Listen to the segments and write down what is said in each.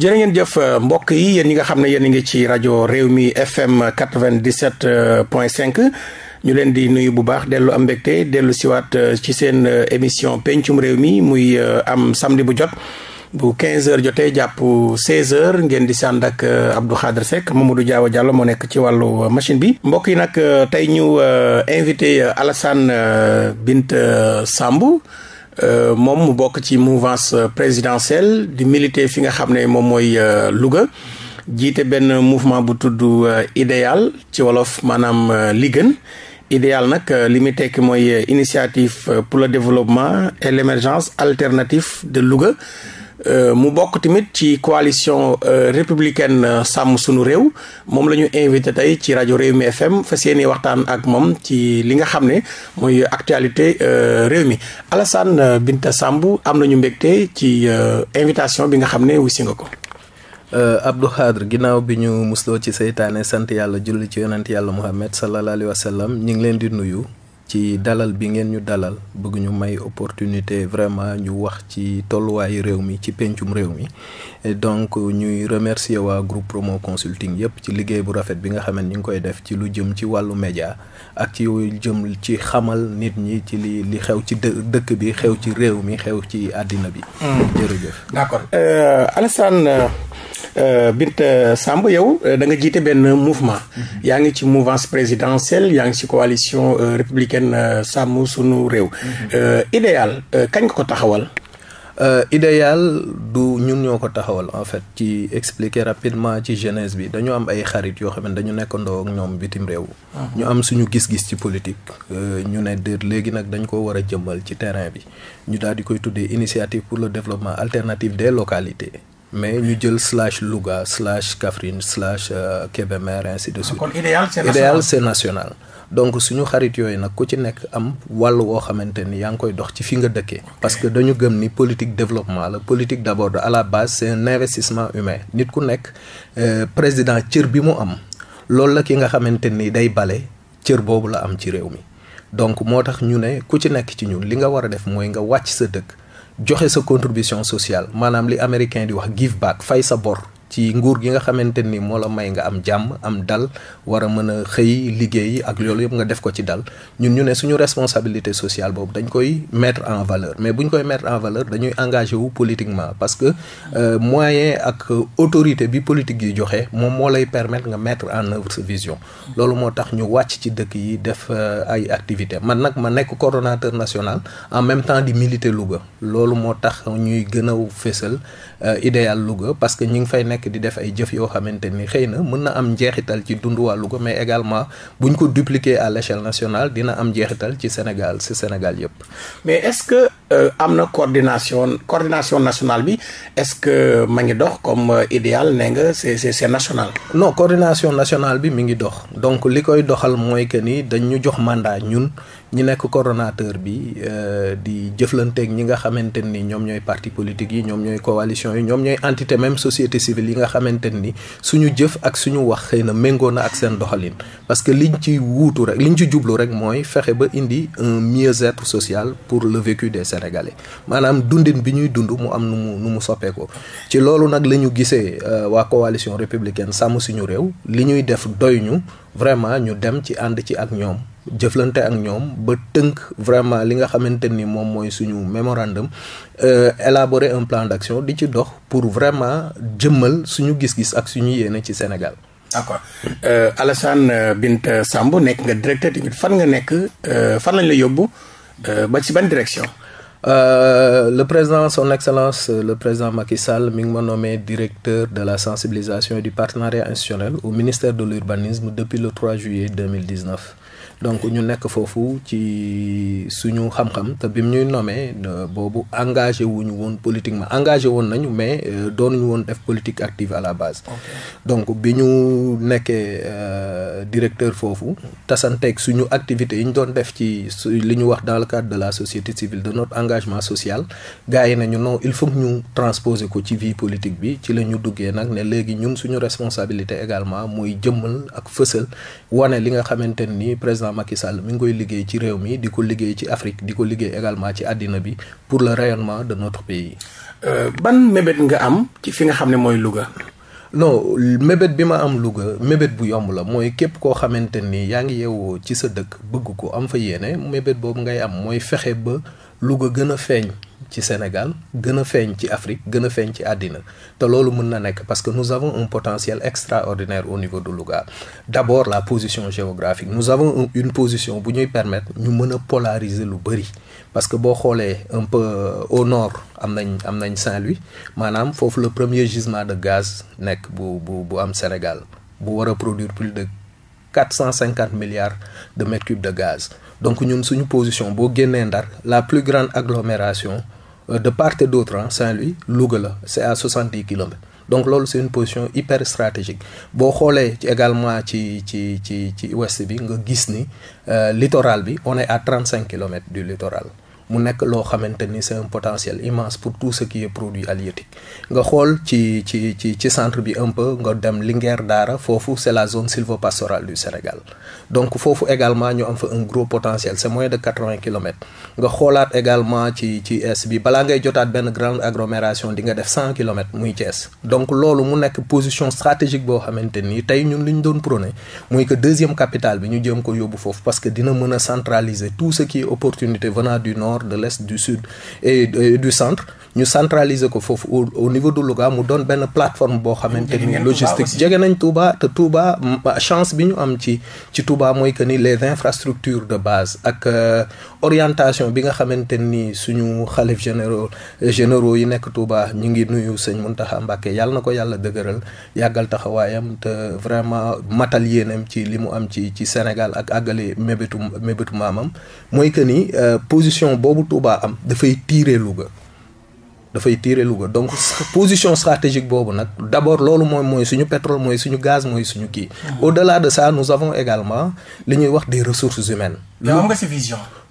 jërë ngeen jëf euh, mbokk yi yéen ñi nga xam ne yéen a ngi ci rajo réew mi FM quatre vingt point cinq ñu leen di nuyu bu baax dellu am mbégte dellu siwaat euh, ci seen euh, émission pencum réew mi muy am samedi bu jot. bu 15 heures jotee jàpp 16 heures ngeen di sànd ak Abdou moom Seck Mamadou Diaw Diallo moo nekk ci wàllu machine bi mbokk yi nag tey ñu invité Alassane Binta Samb. Euh, moom mu bokk ci mouvance euh, présidentielle di militer fi nga xam ne moom mooy euh, Louga jiite benn mouvement bu tudd idéal ci wolof maanaam liggan gën idéal nag li muy tekki mooy initiative pour le développement et l'émergence alternative de Louga Euh, mu bokk tamit ci coalition euh, républicaine euh, sàmm sunu réew moom la ñu invité tey ci rajo réew mi FM fas yéene waxtaan ak moom ci li nga xam ne mooy actualité réew mi Alassane Binta Samb am nañu mbégte ci invitation bi nga xam ne wuy nga ko. Abdou Khadre ginnaaw bi ñu musloo ci seytaane sant yàlla julli ci yonent yàlla Muhammad sallallahu alayhi wa sallam ñu ngi leen di nuyu. ci dalal bi ngeen ñu dalal bëgg ñu may opportunité vraiment ñu wax ci tolluwaayu réew mi ci pencum réew mi donc ñuy remercier waa groupe promo consulting yépp ci liggéey bu rafet bi nga xam ne ñu ngi koy def ci lu jëm ci wàllu média ak ci jëm ci xamal nit ñi ci li li xew ci dëkk bi xew ci réew mi xew ci àddina bi. Hmm. jërëjëf d'accord euh, Alassane. Euh, Binta euh, sàmb yow euh, danga jiite benn mouvement mhm. yaa ngi ci mouvance présidentielle yaa ngi ci coalition républicaine sàmm suñu réew mhm. idéal kañ ko taxawal Euh, idéal du ñun ñoo ko taxawal en fait ci expliquer rapidement ci jeunesse bi dañu am ay xarit yoo xam ne dañu nekkandoo ak ñoom bitim réew. Mhm. ñu am suñu gis-gis ci politique. ñu ne déet léegi nag dañ ko war a jëmmal ci terrain bi ñu daal di koy tuddee initiative pour le développement alternatif des localité mais ñu jël slash Louga slash Kaffrine slash euh, Kébémer ainsi de ah, suite. c'est national donc suñu xarit yooyu nag ku ci nekk am wàll woo xamante ni yaa ngi koy dox ci fi nga dëkkee. parce que dañu gëm ni politique développement la politique d'abord à la base c'est un investissement humain. nit ku nekk euh, président cër bi mu am loolu la ki nga xamante ni day bale cër boobu la am ci réew mi donc moo tax ñu ne ku ci nekk ci ñun li nga war a def mooy nga wàcc sa dëkk. joxe sa contribution sociale maanaam li américain di wax give back fay sa bor ci nguur gi nga xamante ni moo la may nga am jàmm am dal war a mën a xëy liggéey ak loolu yëpp nga def ko ci dal ñun ñu ne suñu responsabilité sociale boobu dañ koy metre en valeur mais bu koy mettre en valeur dañuy engagé wu politiquement parce que euh, moyen ak autorité bi politique yu joxe moom moo lay permettre nga mettre en œuvre sa vision loolu moo tax ñu wàcc ci dëkk yi def euh, ay activité man nag ma nekk coordonnateur national en même temps di militer Louga loolu moo tax ñuy gën a fésal euh, idéal Louga parce nekk di def ay jëf yoo xamante ni xëy na mën na am njeexital ci dundu waa mais également buñ ko dupliquer à l'échelle nationale dina am njeexital ci Sénégal si Sénégal yëpp. mais est-ce que euh, am na coordination coordination nationale bi est-ce que ma ngi dox comme euh, idéal nee nga c'est c'est national. non coordination national bi mi ngi dox donc li koy doxal mooy que ni dañ jox mandat ñun. ñi nekk coordonnateur bi euh, di jëflanteeg ñi nga xamante ni ñoom ñooy parti politique yi ñoom ñooy coalition yi ñoom ñooy entité même société civile yi nga xamante ni suñu jëf ak suñu wax xëy na méngoon na ak seen doxalin parce que liñ ci wuutu rek liñ ci jublu rek mooy fexe ba indi un mieux-être social pour le vécu des Sénégalais maanaam dundin bi ñuy dund mu am nu mu nu mu soppeekoo ci loolu nag la ñu gisee euh, waa coalition républicaine sàmm suñu réew li ñuy def doy ñu vraiment ñu dem ci ànd ci ak ñoom jëflante ak ñoom ba tënk vraiment li nga xamante ni moom mooy suñu mémorandum euh, élaborer un plan d'action di ci dox pour vraiment jëmmal suñu gis-gis ak suñu yéene ci Sénégal. d'accord euh, Alassane euh, Binta Samb nekk nga directeur fan nga nekk fan lañ la yóbbu ba ci ban direction. Euh, le président son excellence euh, le président Macky Sall mi ngi ma nommé directeur de la sensibilisation et du partenariat institutionnel au ministère de l'urbanisme depuis le 3 juillet donc ñu nekk foofu ci suñu xam-xam te bi mu ñuy nommé euh, boobu engagé wuñu woon politiquement engagé woon nañu mais euh, doonuñu woon def politique active à la base. donc bi ñu nekkee euh, directeur foofu tasanteeg suñu activités yi ñu doon def ci li ñu wax dans le cadre de la société civile de notre engagement social gars nañu non il faut ñu transposer ko ci vie politique bi ci la ñu duggee nag ne léegi ñun suñu responsabilité également mooy jëmmal ak fësal wane li nga président Macky Sall mi ngi koy liggéey ci réew mi di ko liggéey ci Afrique di ko liggéey également ci àddina bi pour la rayonnement de notre pays. Euh, ban mébét nga am ci fi nga xam ne mooy Louga. non mébét bi ma am Louga mébét bu yomb la mooy képp koo xamante nii yaa ngi yeewoo ci sa dëkk bëgg ko am fa yéene mébét boobu ngay am mooy fexe ba Louga gën a feeñ. ci Sénégal gën a feeñ ci Afrique gën a feeñ ci àddina te loolu mën na nekk parce que nous avons un potentiel extraordinaire au niveau de Louga d'abord la position géographique nous avons une position bu ñuy permetre ñu mën a polaariser lu bëri parce que boo xoolee un peu euh, au nord am nañ am nañ saint maanaam foofu la premier gisement de gaz nekk bu bu bu am Sénégal bu war a produire plus de quatre cent cinquante milliards de mètres cubes de gaz donc ñun suñu position boo génnee Ndar la plus grande Euh, de part et d'autre ah Saint-Louis Louga la c'est à soixante dix kilomètres donc loolu seen une position hyper boo xoolee ci également ci ci ci ci ouest bi nga gis ni euh, littoral bi on est à trente cinq kilomètres du littoral mu nekk loo xamante ni c'est un potentiel immense pour tout ce qui est produit halieutique nga xool ci ci ci ci centre bi un peu nga dem li Linguère Daara foofu c'est la zone sylvopastorale du Sénégal donc foofu également ñu am fa un gros potentiel c'est moins de quatre-vingts kilomètres nga xoolaat également ci ci est bi balaa ngay jotaat benn grande agglomération di nga def cent kilomètres muy Thiès donc loolu mu nekk position stratégique boo xamante ni tey ñun li ñu doon prôné muy que deuxième capitale bi ñu jëm ko yóbbu foofu parce que dina mën a centraliser tout ce qui est opportunité venant de l'est du sud et du centre ñu centraliser ko foofu au niveau de Louga mu doon benn plateforme boo xamante ni logistique jege nañ Touba te Touba chance bi ñu am ci ci Touba mooy que ni les infrastructures de base ak euh, orientation bi nga xamante nii suñu xalif généraux généraux yi nekk Touba ñu ngi nuyu sëñ Mountakha Mbacké yàlla na ko yàlla dëgëral yàggal taxawaayam te vraiment matal yéenam ci li mu am ci ci Sénégal ak àggale mébétu mébétu maamam mooy que ni euh, position boobu Touba am dafay tiire Louga dafay tiire Louga donc position stratégique boobu nag d' abord loolu mooy mooy suñu pétrole mooy suñu gaz mooy suñu kii. Mm-hmm. au delà de ça nous avons également li ñuy wax de ressources humaines. mais am nga si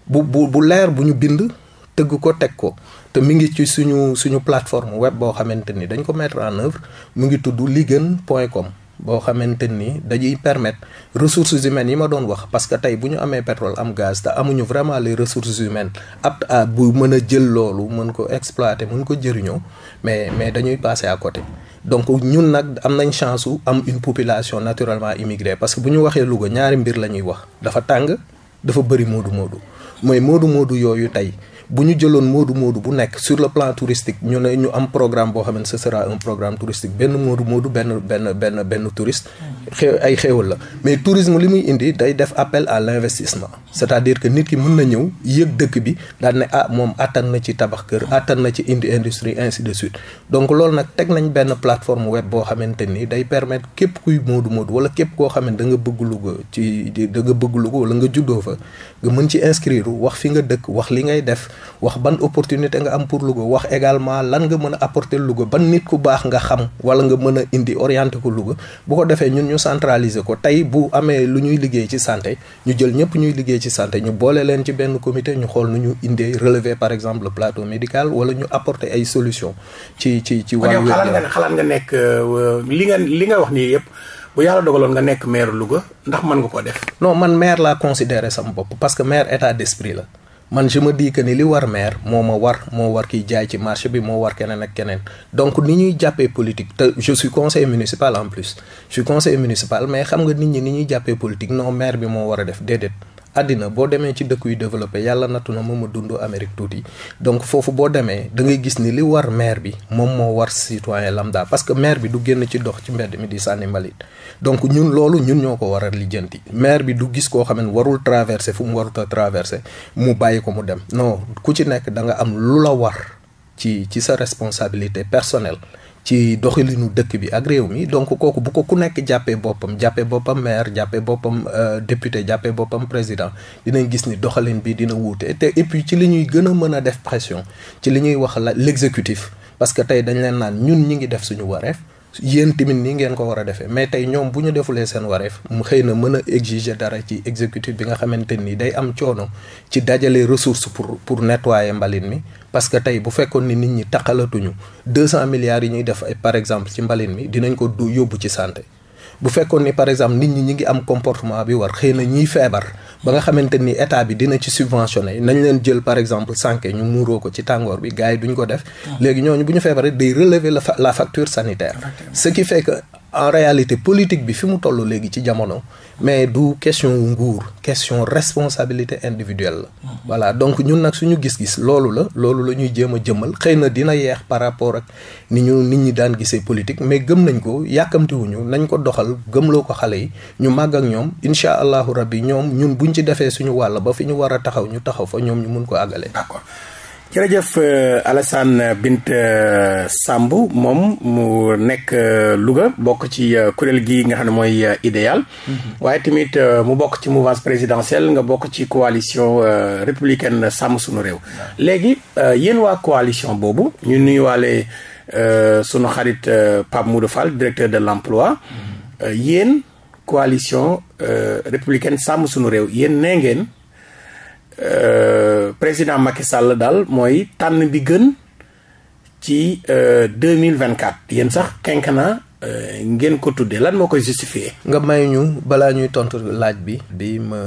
bu bu bu leer bu ñu bind tëgg ko teg ko te mu ngi ci suñu suñu plateforme web boo xamante ni dañ ko mettre en œuvre mu ngi tudd ligën point com boo xamante nii dañuy permettre ressources humaines yi ma doon wax parce que tey bu ñu amee pétrole am gaz te amuñu vraiment les ressources humaines apte bu mën a jël loolu mën ko exploiter mën ko jëriñoo mais mais dañuy passer à côté donc ñun nag am nañ chance su am une population naturellement immigrée parce que bu ñu waxee Louga ñaari mbir la ñuy wax dafa tàng dafa bëri moodu moodu mooy moodu moodu yooyu tey bu ñu jëloon moodu moodu bu nekk sur le plan touristique ñu ne ñu am programme boo xam ne ce sera un programme touristique benn moodu moodu benn benn benn benn touriste xew ay xéewal la mais tourisme li muy indi day def appel à l'investissement c'est-à-dire que nit ki mun na ñëw yëg dëkk bi daal ne ah moom attan na ci tabax kër attan na ci indi industrie ainsi de suite donc loolu nag teg nañ benn plateforme web boo xamante ni day permettre képp kuy moodu moodu wala képp koo xam ne da nga bëgg Louga ci da nga bëgg Louga nga juddoo fa nga mën ci inscrire wax fi nga dëkk wax li ngay def wax ban opportunité nga am pour Louga wax également lan nga mën a apporter Louga ban nit ku baax nga xam wala nga mën a indi orienté ko Louga centraliser ko tey bu amee lu ñuy liggéey ci sante ñu jël ñëpp ñuy liggéey ci sante ñu boole leen ci benn comité ñu xool nu ñu indee relever par exemple le plateau médical wala ñu apporter ay solution ci ci ci wàllu xalaat nga xalaat nga nekk euh, li nga li nga wax nii yëpp bu yàlla dogaloon nga nekk maire Louga ndax mën nga ko def non man maire laa considéré sama bopp parce que maire état d'esprit la man je me dis que ni li war maire moo ma war moo war kiy jaay ci marché bi moo war keneen ak keneen donc ni ñuy jàppee politique te je suis conseiller municipal en plus je suis municipal mais xam nga nit ñi ni ñuy jàppee politique non maire bi moo war a def déedéet àddina boo demee ci dëkk yu développé yàlla nattu na moom ma dund Amérique tuuti donc foofu boo demee da ngay gis ni li war maire bi moom moo war citoyen lambda parce que maire bi du génn ci dox ci mbedd mi di sànni mbalit donc ñun loolu ñun ñoo ko war a lijjanti maire bi du gis koo xam ne warul traversé fu mu warut a traversé mu bàyyi ko mu dem non ku ci nekk danga nga am lu la war ci ci sa responsabilité personnel ci doxalinu dëkk bi ak réew mi donc kooku bu ko ku nekk jàppee boppam jàppee boppam maire jàppee boppam euh, député jàppee boppam président dinañ gis ni doxalin bi dina wuute te et ci li ñuy gën a mën a def pression ci li ñuy wax la l'exécutif parce que tey dañ leen naan ñun ñi ngi def suñu wareef yéen tamit nii ngeen ko war a defee mais tey ñoom bu ñu defulee seen wareef mu xëy na mën a exiger dara ci exécutif bi nga xamante nii day am coono ci dajale ressource pour pour nettoyer mbalit mi parce que tey bu fekkoon ni nit ñi taqalatuñu deux cent milliards yi ñuy def ay par exemple ci mbalit mi dinañ ko du yóbbu ci santé bu fekkoon ni par exemple nit ñi ñi ngi am comportement bi war xëy na ñiy feebar ba nga xamante ni état bi dina ci subventionné nañu leen jël par exemple sànke ñu muuroo ko ci tàngoor bi gars yi duñ ko def ah. léegi ñooñu bu ñu feebaree day relever la facture sanitaire ce qui fait en réalité politique bi fi mu toll léegi ci jamono mais du question nguur question responsabilité individuelle la. voilà donc ñun nag suñu gis-gis loolu la loolu la ñuy jéem a jëmmal xëy na dina yeex par rapport ak ni ñu nit ñi daan gisee politique mais gëm nañ ko yàkkamtiwuñu nañ ko doxal gëmloo ko xale yi ñu màgg ak ñoom incha allahu rabbi ñoom ñun bu ñu ci defee suñu wàll ba fi ñu war a taxaw ñu taxaw fa ñoom ñu mun ko àggale. d'accord. jërëjëf euh, Alassane Binta euh, Samb moom mu nekk euh, Louga bokk ci kuréel gi nga xam ne mooy idéal mhm. waaye tamit mu bokk ci mouvance présidentielle nga bokk ci coalition républicaine sàmm sunu réew léegi yéen waa coalition boobu ñu nuyuwaale sunu xarit Pape Moudou Fall directeur de l'emploi mhm. yéen coalition républicaine sàmm sunu réew yéen nee ngeen Euh, président Macky Sall daal mooy tànn bi gën ci euh, deux mille vingt quatre yéen sax quinquennat euh, ngeen ko tuddee lan moo koy justifié. nga may ñu balaa ñuy tontu laaj bi. di ma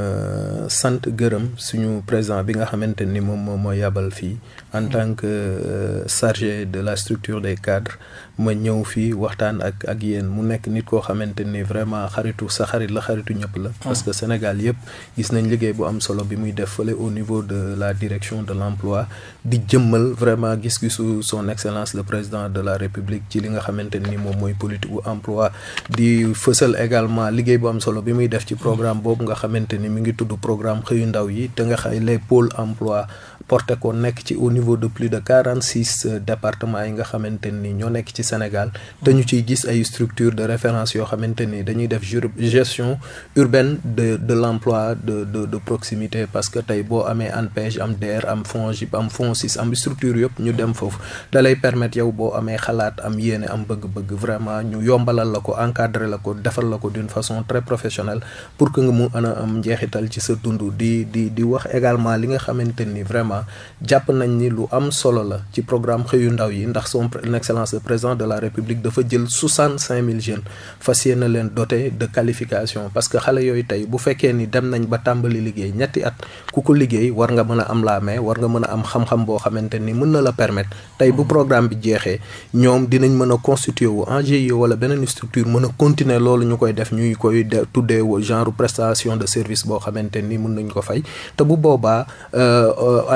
sant gërëm suñu président bi nga xamante ni moom moo yabal fii en tant que chargé de la structure des cadres ma ñëw fii waxtaan ak ak yéen mu nekk nit koo xamante ni vraiment xaritu sa xarit la xaritu ñëpp la. Ah. parce que Sénégal yëpp gis nañ liggéey bu am solo bi muy def fële au niveau de la direction de l' emploi di jëmmal vraiment gis-gisu son excellence le président de la république ci li nga xamante ni moom mooy politique bu emploi di fësal également liggéey bu am solo bi muy def ci programme boobu nga xamante ni mi ngi tudd programme xëyu ndaw yi te nga xay les pôles emploi. porté ko nekk ci au niveau de plus de quarante euh, yi nga xamante ni ñoo nekk ci Sénégal te ñu ciy gis ay structures de référence yoo xamante ni dañuy def gestion urbaine de de l'emploi de de de proximité parce que tey boo amee en ANPEJ am DER am FONGIP am FONSIS am structure yëpp ñu dem foofu da lay permettre yow boo amee xalaat am yéene am bëgg-bëgg vraiment ñu yombalal la ko encadrer la ko defal la ko d'une façon très professionnelle pour que nga Touba jàpp nañ ni lu am solo la ci programme xëyu ndaw yi ndax son excellence président de la république dafa jël soixante cinq mille jeunes fas na leen doté de qualification parce que xale yooyu tey bu fekkee ni dem nañ ba tàmbali liggéey ñetti at ku ko liggéey war nga mën a am la mais war nga mën a am xam-xam boo xamante ni mën na la permettre tey bu programme bi jeexee ñoom dinañ mën a constituer wu en GIE wala beneen structure mën a continuer loolu ñu koy def ñuy koy tuddee genre prestation de service boo xamante ni mën nañ ko fay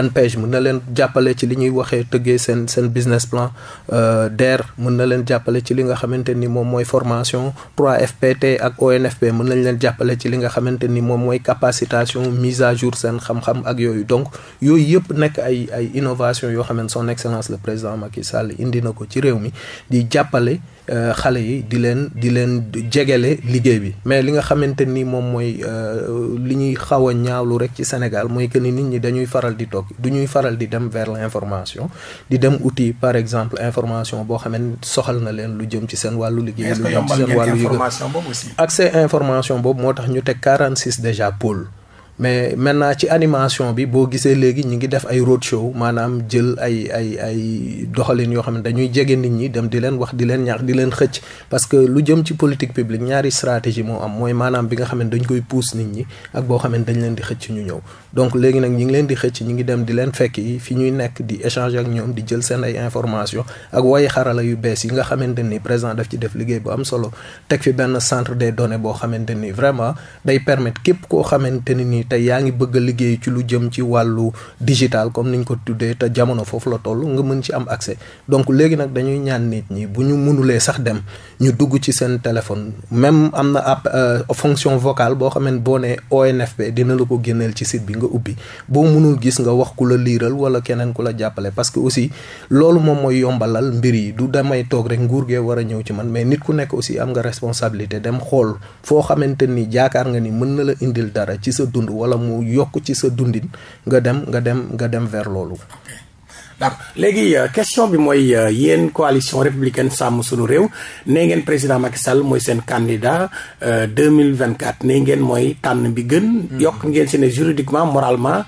ANPEJ mën na leen jàppale ci li ñuy waxee tëggee seen seen business plan euh, DER mën na leen jàppale ci li nga xamante ni moom mooy formation 3FPT ak ONFP mën nañ leen jàppale ci li nga xamante ni moom mooy capacitation mise à jour seen xam-xam ak yooyu donc yooyu yëpp nekk ay ay innovation yoo xam ne son excellence le président Macky Sall indi na ko ci réew mi di jàppale Euh, xale yi di leen di leen jegele liggéey bi mais li nga xamante ni moom mooy euh, li ñuy xaw a ñaawlu rek ci Sénégal mooy que ni nit ñi dañuy faral di toog du ñuy faral di dem vers l'information di dem uti par exemple information boo xaman soxal na leen lu jëm ci seen wàllu liggéey lu jëm ci seen wàllu yëg accès information boobu moo tax ñu teg quarante six déjà pôle mais maintenant ci animation bi boo gisee léegi ñu ngi def ay road show maanaam jël ay ay ay doxalin yoo xam ne dañuy jege nit ñi dem di leen wax di leen ñaax di leen xëcc parce que lu jëm ci politique publique ñaari stratégie moo am mooy maanaam bi nga xam ne koy pousse nit ñi ak boo xam ne dañ leen di xëcc ñu ñëw donc léegi nag ñu ngi leen di xëcc ñu ngi dem di leen fekk yi fi ñuy nekk di échanger ak ñoom di jël seen ay information ak way xarala yu bees yi nga xamante ni président daf ci def liggéey bu am solo teg fi benn centre des données boo xamante ni vraiment day képp koo xamante ni tey yaa ngi bëgg a liggéey ci lu jëm ci wàllu digital comme niñ ko tuddee te jamono foofu la toll nga mën ci am accès donc léegi nag dañuy ñaan nit ñi bu ñu mënulee sax dem ñu dugg ci seen téléphone même am na app euh, fonction vocal boo xam ne boo nee ONFP dina la ko génneel ci site bi nga ubbi boo mënul gis nga wax ku la liiral wala keneen ku la jàppale parce que aussi loolu moom mooy yombalal mbir yi du damay toog rek nguur gee war a ñëw ci man mais nit ku nekk aussi am nga responsabilité dem xool foo xamante ni jaakaar nga ni mën na la indil dara ci sa dund wala mu yokk ci sa dundin nga dem nga dem nga dem vers loolu. d'accord léegi euh, question bi mooy euh, yéen coalition républicaine sàmm sunu réew nee ngeen président Macky Sall mooy seen candidat euh, deux mille vingt quatre nee ngeen mooy tànn bi gën. Hmm. yokk ngeen si ne juridiquement moralement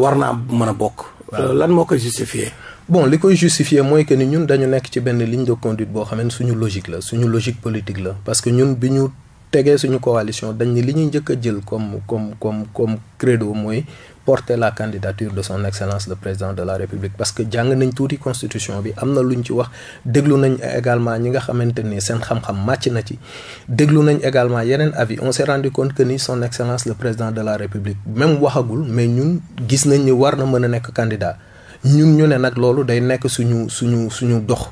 war naa mën a bokk. lan moo koy justifier. bon li koy justifier mooy que ni ñun dañu nekk ci benn ligne de conduite boo xam ne suñu logique la suñu logique politique la parce ñun bi ñu tegee suñu coalition dañ li ñuy njëkk jël comme comme comme comme credo mooy porter la candidature de son excellence le président de la république parce que jàng nañ tuuti constitution bi am na luñ ci wax déglu nañ également ñi nga xamante ni seen xam-xam màcc na ci déglu nañ également yeneen avis on s'est rendu compte que ni son excellence le président de la république même waxagul mais ñun gis nañ ni war na mën a nekk candidat ñun ñu ne nag loolu day nekk suñu suñu suñu dox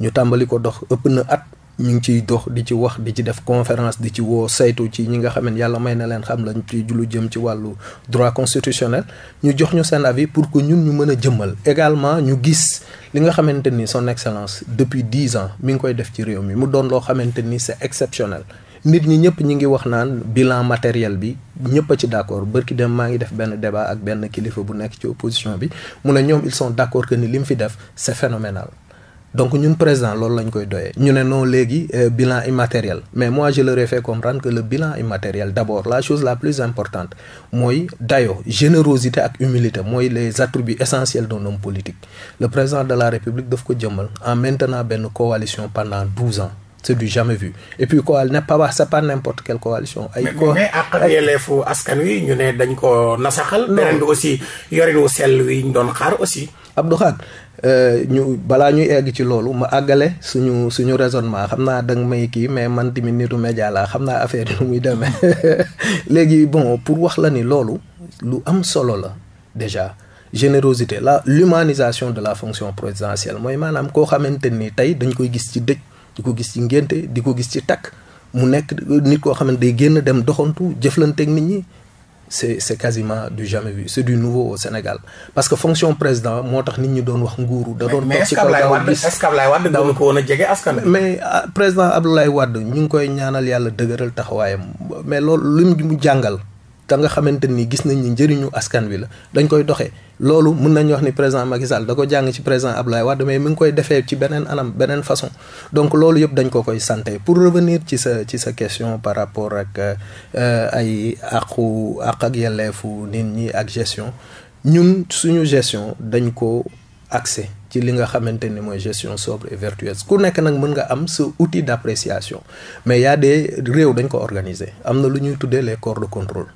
ñu tàmbali ko dox ëpp na at ñu ngi ciy dox di ci wax di ci def conférence di ci woo saytu ci ñi nga xam yàlla may na leen xam lañ ci lu jëm ci wàllu droit constitutionnel ñu jox ñu seen avis pour que ñun ñu mën a jëmmal également ñu gis li nga xamante ni son excellence depuis dix ans mi ngi koy def ci réew mi mu doon loo xamante ni c'est exceptionnel nit ñi ñëpp ñi ngi wax naan bilan matériel bi ñëpp a ci d'accord bërki dem maa ngi def benn débat ak benn kilifa bu nekk ci opposition bi mu ne ñoom ils sont d'accord que ni li mu fi def c'est phénoménal donc ñun président loolu lañ koy doyee ñu ne non léegi euh, bilan immatériel mais moi je leur ai fait comprendre que le bilan immatériel d'abord la la plus importante mooy dayo générosité ak humilité mooy les attributs essentiels doon homme politique le président de la république daf ko jëmmal en maintenant benn coalition pendant douze ans c'est du jamais vu et puis quoi ne pas c'est pas n'importe quelle coalition. ay ko mais ak yelleefu askan wi ñu ne dañ ko nasaxal. beneen bi aussi yorin wu sell wi ñu doon xaar aussi. Abdou Euh, ñu balaa ñuy egg ci loolu ma àggale suñu suñu raisonnement xam naa danga may kii mais man tamit nitu média laa xam naa affaire yi muy demee léegi bon pour wax la ni loolu lu am solo la déjà générosité la l'humanisation de la fonction présidentielle mooy maanaam koo xamante ni tey dañ koy gis ci dëj di ko gis ci ngénte di ko gis ci takk mu nekk nit koo xamante day génn dem doxantu jëflanteeg nit ñi c'est c'est quasiment du jamais vu c'est du nouveau Sénégal parce que fonction président moo tax nit ñi doon wax nguuru da doon toog ci kaw daaw gis mais ah, président Abdoulaye Wade ñu ngi koy ñaanal yàlla dëgëral taxawaayam mais loolu lu mu jàngal te nga xamante gis nañ ni njëriñu askan wi la dañ koy doxee loolu mun nañu wax ni président Macky da ko jàng ci président Abdoulaye Wade mais mi ngi koy defee ci beneen anam beneen façon donc loolu yëpp dañ ko koy santé pour revenir ci sa ci sa question par rapport ak euh, ay àqu àq ak yelleefu nit ñi ak gestion ñun suñu gestion dañ ko accès ci li nga xamante ni mooy gestion sobre et vertueuse ku nekk nag mën nga am sa outil d'appréciation mais yaa a des réew dañ ko organiser am na lu ñuy tuddee les corps de contrôle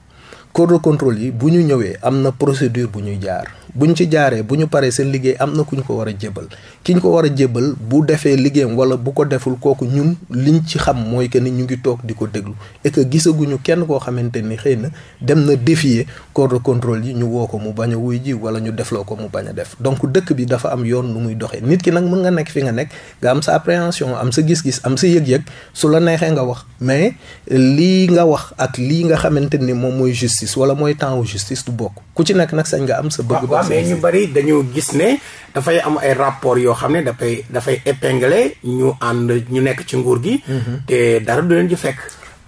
corps de contrôle yi bu ñu ñëwee am na procédure bu ñuy jaar bu ñu ci jaaree bu ñu paree seen liggéey am na ku ñu ko war a jébbal ki ñu ko war a jébbal bu defee liggéeyam wala bu ko deful kooku ñun li ñu ci xam mooy que ni ñu ngi toog di ko déglu et que gisaguñu kenn koo xamante ni xëy na dem na défier corps de contrôle yi ñu woo ko mu bañ wuy ji wala ñu defloo ko mu bañ a def donc dëkk bi dafa am yoon nu muy doxee nit ki nag mën nga nekk fi nga nekk nga am sa appréhension am sa gis-gis am sa yëg-yëg su la neexee nga wax mais lii nga wax ak lii nga xamante ni moom mooy justice wala mooy temps bokk ku ci nekk nag sañ nga am sa ba mais ñu bari dañu gis ne dafay am ay rapport yoo xam ne dafay dafay épinglé ñu ànd ñu nekk ci nguur gi. Mhm. te dara du leen ci fekk.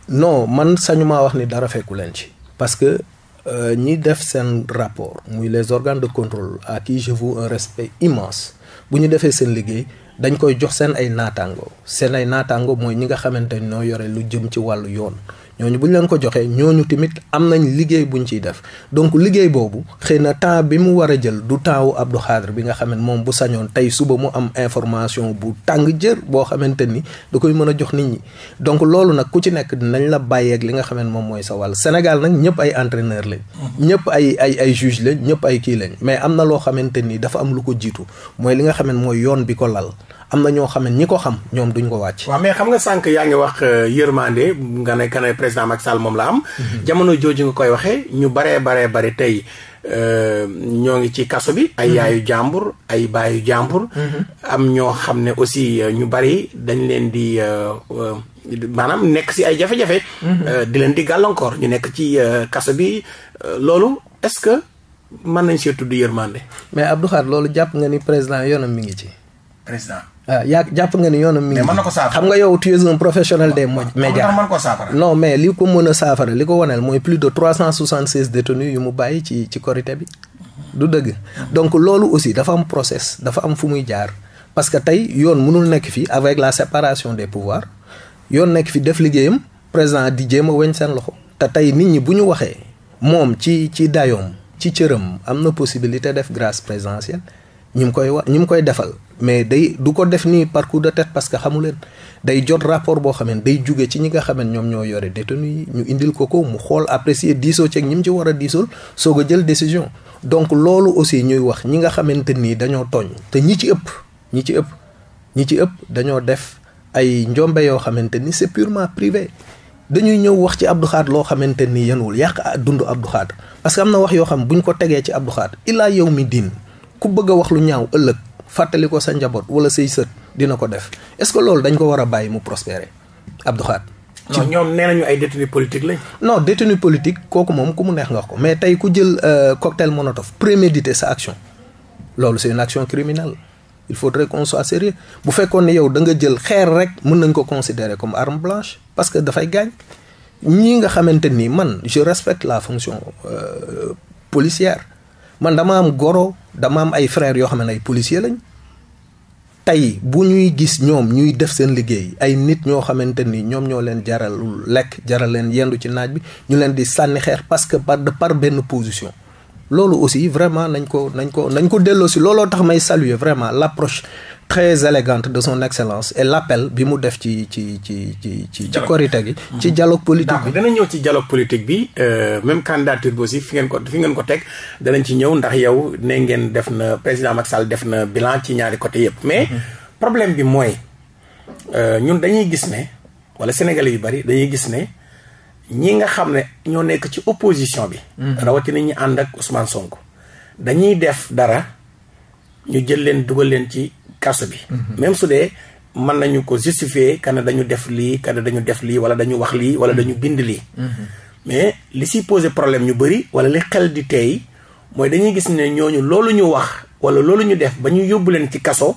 non man sañu ma wax ni dara fekku leen ci. parce que euh, ñi def seen rapport muy les organes de contrôle à qui je voue un respect immense bu ñu defee seen liggéey. dañ koy jox seen ay naataangoo seen ay naataango mooy ñi nga xamante ni ñoo yore lu jëm ci wàllu yoon ñooñu bu ñu leen ko joxee ñooñu tamit am nañ liggéey buñ ciy def donc liggéey boobu xëy na temps bi mu war a jël du temps wu Abdou Khadre bi nga xam moom bu sañoon tey suba mu am information bu tàng jër boo xamante ni da koy mën a jox nit ñi donc loolu nag ku ci nekk dinañ la bàyyeeg li nga xam moom mooy sa wàll Sénégal nag ñëpp ay entraîneur lañ ñëpp ay ay ay juge lañ ñëpp ay kii lañ mais am na loo xamante ni dafa am lu ko jiitu mooy li nga xam mooy yoon bi ko lal am na ñoo xam ne ñi ko xam ñoom duñ ko wàcc. waaw mais xam nga sànq yaa ngi wax euh, yërmande nga ne ka ne président Macky Sall moom am. Mhm. jamono jooju nga koy waxee ñu baree baree bare tey euh, ñoo ngi ci kaso bi. ay mhm. yaayu jàmbur ay baayu jàmbur. Mhm. am ñoo xam ne aussi euh, ñu bari dañ leen di. maanaam nekk si ay jafe di leen di gàllankoor ñu nekk ci kaso bi loolu est-ce que mën nañ see tudd yërmande. mais Abdou Khadre loolu jàpp nga ni président yoonam mi ngi ci. président. Ah, yaa jàpp nga ni yoonam mi ngi. xam nga yow tu es un professionnel des ah, médias. non mais li ko mën a saafara li ko waneel mooy plus de trois cent soixante seize détenus yu mu bàyyi ci ci korité bi. du dëgg donc loolu aussi dafa am process dafa am fu muy jaar parce que tey yoon mënul nekk fi avec la séparation des pouvoirs yoon nekk fi def liggéeyam président di jéem a weñ seen loxo. te tey nit ñi bu ñu waxee moom ci ci dayoom ci cëram am na possibilité def grâce présidentielle ñi mu koy wa ñi mu koy defal. mais day du ko def nii par de tête parce que xamu leen day jot rapport boo xamante day jóge ci ñi nga xam ñoom ñoo yore détenu ñu indil ko ko mu xool apprécier diisoo ceeg ñi mu ci war a diisool soog a jël décision. donc loolu aussi ñuy wax ñi nga xamante nii dañoo tooñ te ñi ci ëpp ñi ci ëpp ñi ci ëpp dañoo def ay njombe yoo xamante ni c'est purement privé. dañuy ñëw wax ci Abdou Khadre loo xamante ni yenuwul yàq dund Abdou Khadre parce que am na wax yoo xam bu ñu ko tegee ci Abdou Khadre yow mi diin ku bëgg a wax lu ñaaw ëllëg. fàttali ko sa njaboot wala say sët dina ko def est-ce que loolu dañ ko war a bàyyi mu prospérer Abdou Khad ñoom nee nañu ay détenu politique lañ. non détenu politique kooku moom ku mu neex nga ko mais tey ku jël euh, cocktail Molotov prémédité sa action loolu c'est une action criminelle il faudrait qu'on sérieux bu fekkoon ne yow da nga jël xeer rek mën nañ ko considérer comme arme blanche parce que dafay gaañ ñii nga xamante nii man je respecte la fonction euh, policière man dama am goro dama am ay frères yoo xam ne ay policiers lañ tey bu ñuy gis ñoom ñuy def seen liggéey ay nit ñoo xamante ni ñoom ñoo leen jaralul lekk jaral leen yendu ci naaj bi ñu leen di sànni xeer parce que par par benn position. loolu aussi vraiment nañ ko nañ ko nañ ko delloo si looloo tax may saluer vraiment l'approche très élégante de son excellence et l'appel bi mu def ci ci ci ci ci ci korite gi ci mhm. dialogue politique bi dana ñëw ci dialogue politique bi euh, même candidature bi aussi fi ngeen ko fi ngeen ko teg danañ ci ñëw ndax yow ne ngeen def na président Macky Sall def na bilan ci ñaari côté yëpp mais mhm. problème bi mooy euh, ñun dañuy gis ne wala sénégal yu bari dañuy gis ne ñi nga xam ne ñoo nekk ci opposition bi mhm. rawatina ñi ànd ak Ousmane Sonko dañuy def dara ñu jël leen dugal leen ci kaso bi. même su dee mën nañu ko justifier kana dañu def li kana dañu def li wala dañu wax li wala dañu bind li mais li si posé problème ñu bëri wala li xel di tey mooy dañuy gis ne ñooñu loolu ñu wax wala loolu ñu def ba ñu yóbbu leen ci kaso.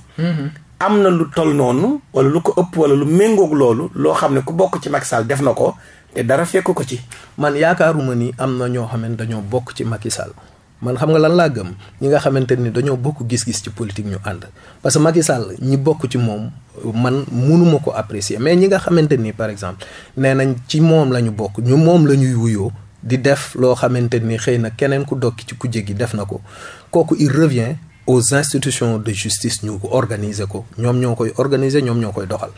am na lu tol noonu wala lu ko ëpp wala lu méngoog loolu loo xam ne ku bokk ci Macky Sall def na ko te dara fekk ko ci. man yaakaaruma ni am na ñoo xam ne dañoo bokk ci Macky Sall man xam nga lan laa gëm ñi nga xamante ni dañoo bokk gis-gis ci politique ñu ànd parce que Macky Sall ñi bokk ci moom man munuma ko apprécier mais ñi nga xamante ni par exemple nee nañ ci moom la ñu bokk ñu moom la ñuy wuyoo di def loo xamante ni xëy na keneen ku dokki ci ku kujje gi def na ko kooku il revient aux institutions de justice ñu ko organiser ko ñoom ñoo koy organiser ñoom ñoo koy doxal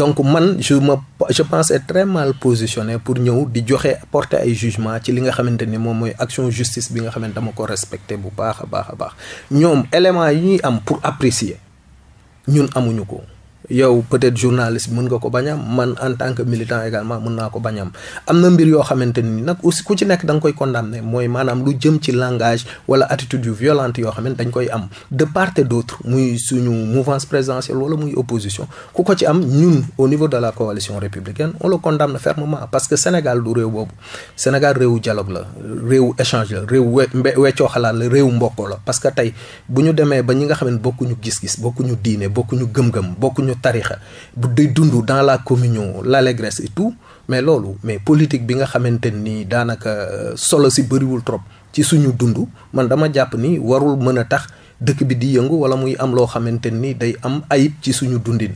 donc man je ma je pense être très mal positionné pour ñëw di joxe porter ay jugement ci li nga xamante ni moom mooy action justice bi nga xamante dama ko respecté bu baax a baax a baax ñoom élément yi ñuy am pour apprécier ñun amuñu ko. yow peut-être journaliste mën nga ko bañ am man en tant que militant également mën naa ko bañam am am na mbir yoo xamante ni nag aussi ku ci nekk danga koy condamné mooy maanaam lu jëm ci langage wala attitude yu violente yoo xamante dañ koy am de part et d'autre muy suñu mouvance présidentielle wala muy opposition ku ko ci am ñun au niveau de la coalition républicaine on le condamne fermement parce que Sénégal du réew boobu Sénégal réewu dialogue la réewu échange la réewu weccoo xalaat la réewu mbokk la parce que tey bu ñu demee ba ñi nga xam bokkuñu gis-gis bokkuñu diine bokkuñu gëm bokkuñu suñu tarixa bu day dund dans la communion l'allégresse et mais loolu mais politique bi nga xamante nii daanaka euh, solo si bëriwul trop ci suñu dund man dama jàpp ni warul mën a tax dëkk bi di yëngu wala muy am loo xamante nii day am ayib ci suñu dundin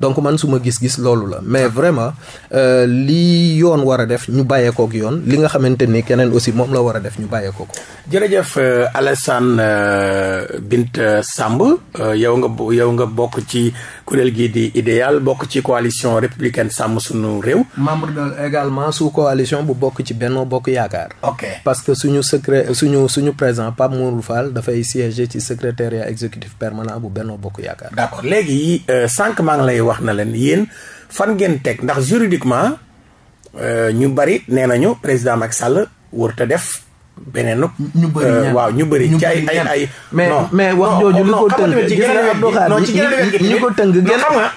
donc man su ma gis-gis loolu la mais vraiment euh, li yoon war a def ñu bàyyeekook yoon li nga xamante ni keneen aussi moom la war a def ñu bàyyeekoo ko. jërëjëf euh, Alassane euh, Bint euh, Samb euh, yow nga yow nga bokk ci kuréel gii di idéal bokk ci coalition républicaine sàmm suñu réew. membre de également sous coalition bu bokk ci Benno Bokk Yaakaar. ok parce que suñu secret suñu suñu président Pape Mourou Fall dafay siéger ci secrétariat exécutif permanent bu Benno Bokk Yaakaar. d' accord léegi euh, sànq maa ngi lay wax na leen yéen fan ngeen teg ndax juridiquement euh, ñu bari nee nañu président Macky Sall warut def. beneen nag. ñu bëri euh, waaw ñu bëri ci ay ay ay. mais mais wax jooju li ko tënk gis nga Abdou ko tënk genn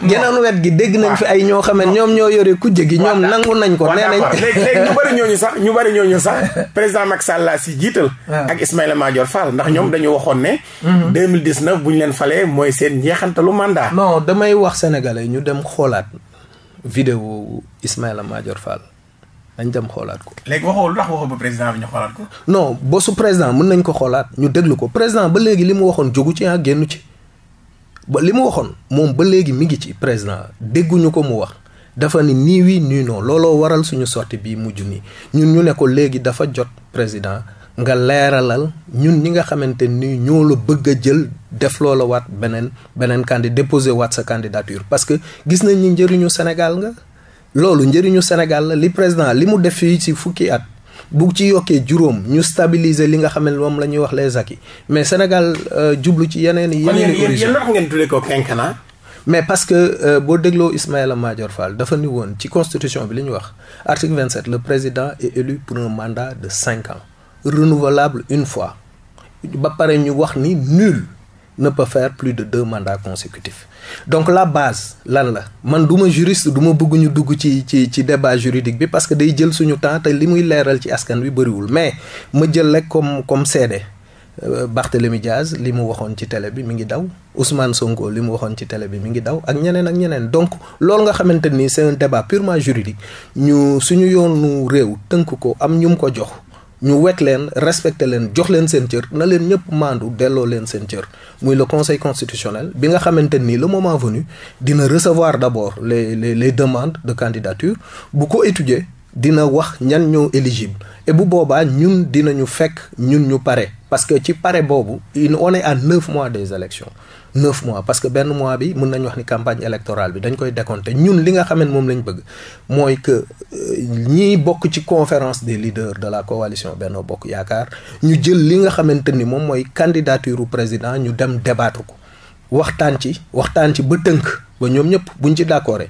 geneen wet gi dégg nañ fi ay ñoo xam ne ñoom ñoo yore kujje gi ñoom nangu nañ ko nee nañ léegi ñu bëri ñooñu sax ñu bëri ñooñu sax président Macky Sall si jiital ah. ak Ismaïla Madior Fall ndax ñoom mm-hmm. dañu waxoon ne 2019 mm-hmm. bu ñu leen falee mooy seen njeexantalu mandat non damay wax sénégalais ñu dem xoolaat vidéo Ismaïla Madior Fall dañ dem xoolaat ko. léegi waxoo lu tax waxoo ba président bi ñu xoolaat ko. non bosu président mën nañ ko xoolaat ñu déglu ko président ba léegi li mu waxoon jógu ci ah génnu ci ba li mu waxoon moom ba léegi mi ngi ci président dégguñu ko mu wax dafa ni nii wii nii non looloo waral suñu sorti bii mujj nii ñun ñu ne ko léegi dafa jot président nga leeralal ñun ñi nga xamante ni ñoo la bëgg a jël def loola waat beneen beneen candidat déposé waat sa candidature parce que gis nañ ni njëriñu Sénégal nga. loolu njëriñu Sénégal la li président li mu def fii ci fukki at bu ci yokkee juróom ñu stabiliser li nga xam ne moom la ñuy wax les acquis mais Sénégal euh, jublu ci yeneen i. yeneen i origine kon ngeen tuddee ko quinquennat mais parce que euh, boo dégloo Ismaïla Madior fal dafa ni woon ci constitution bi li ñu wax article 27 le président est élu pour mandat de cinq ans renouvelable une fois ba pare ñu wax ni nul. ne peut faire plus de deux mandats consécutifs donc la base lan la man du ma juriste du ma bëgg ñu dugg ci ci ci débat juridique bi parce que day jël suñu temps te li muy leeral ci askan wi bëriwul mais ma jël rek comme comme seede euh, Barthélémy Diaz li mu waxoon ci télé bi mi ngi daw Ousmane Sonko li mu waxoon ci télé bi mi ngi daw ak ñeneen ak ñeneen donc loolu nga xamante ni c'est un débat purement juridique ñu suñu yoonu réew tënk ko am ñu mu ko jox ñu wekk leen respecté leen jox leen seen cër na leen ñëpp maandu delloo leen seen cër muy le conseil constitutionnel bi nga xamante nii le moment venu dina recevoir d' abord les les les demandes de candidature bu ko étudier dina wax ñan ñoo éligible et bu boobaa ñun dinañu fekk ñun ñu pare parce que ci pare boobu on est à neuf mois des élections neuf mois parce que benn mois bi mën nañu wax ni campagne électorale bi dañ koy décompté ñun li nga xam ne moom lañ bëgg mooy que euh, ñi bokk ci conférence des leaders de la coalition Benno Bokk Yaakaar ñu jël li nga xamante ni moom mooy candidature président ñu dem débattre ko waxtaan ci waxtaan ci ba tënk ba ñoom ñëpp buñ ci d'accord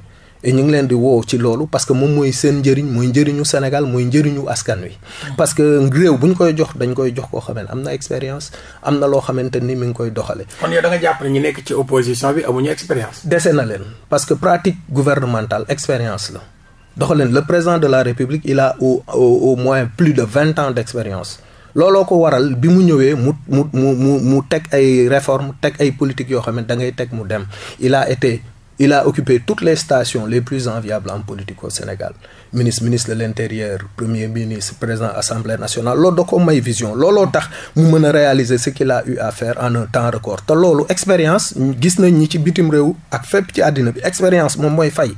et ñu ngi leen di wow ci loolu parce que moom mooy seen njëriñ mooy njëriñu Sénégal mooy njëriñu askan wi. Mm. parce que réew bu ñu koy jox dañ koy jox koo xam ne am na expérience am na loo xamante ni mi ngi koy doxale kon yow jàpp ne ñu nekk ci opposition bi amuñu expérience. dese na leen parce que pratique gouvernementale expérience la doxaleen le président de la République il a au au moins plus de vingt ans d' expérience. looloo ko waral bi mu ñëwee mu mu mu mu mu teg ay réformes teg ay politiques yoo xam da ngay teg mu dem il été. il a occupé toutes les stations les plus enviables en politique au Sénégal ministre ministre de l'intérieur premier ministre président assemblée nationale loolu da ko may vision looloo tax mu mën a réaliser ce qu'il a eu à faire en un temps record te loolu expérience gis nañ ñi ci bitim réew ak fépp ci àddina bi expérience moom mooy fay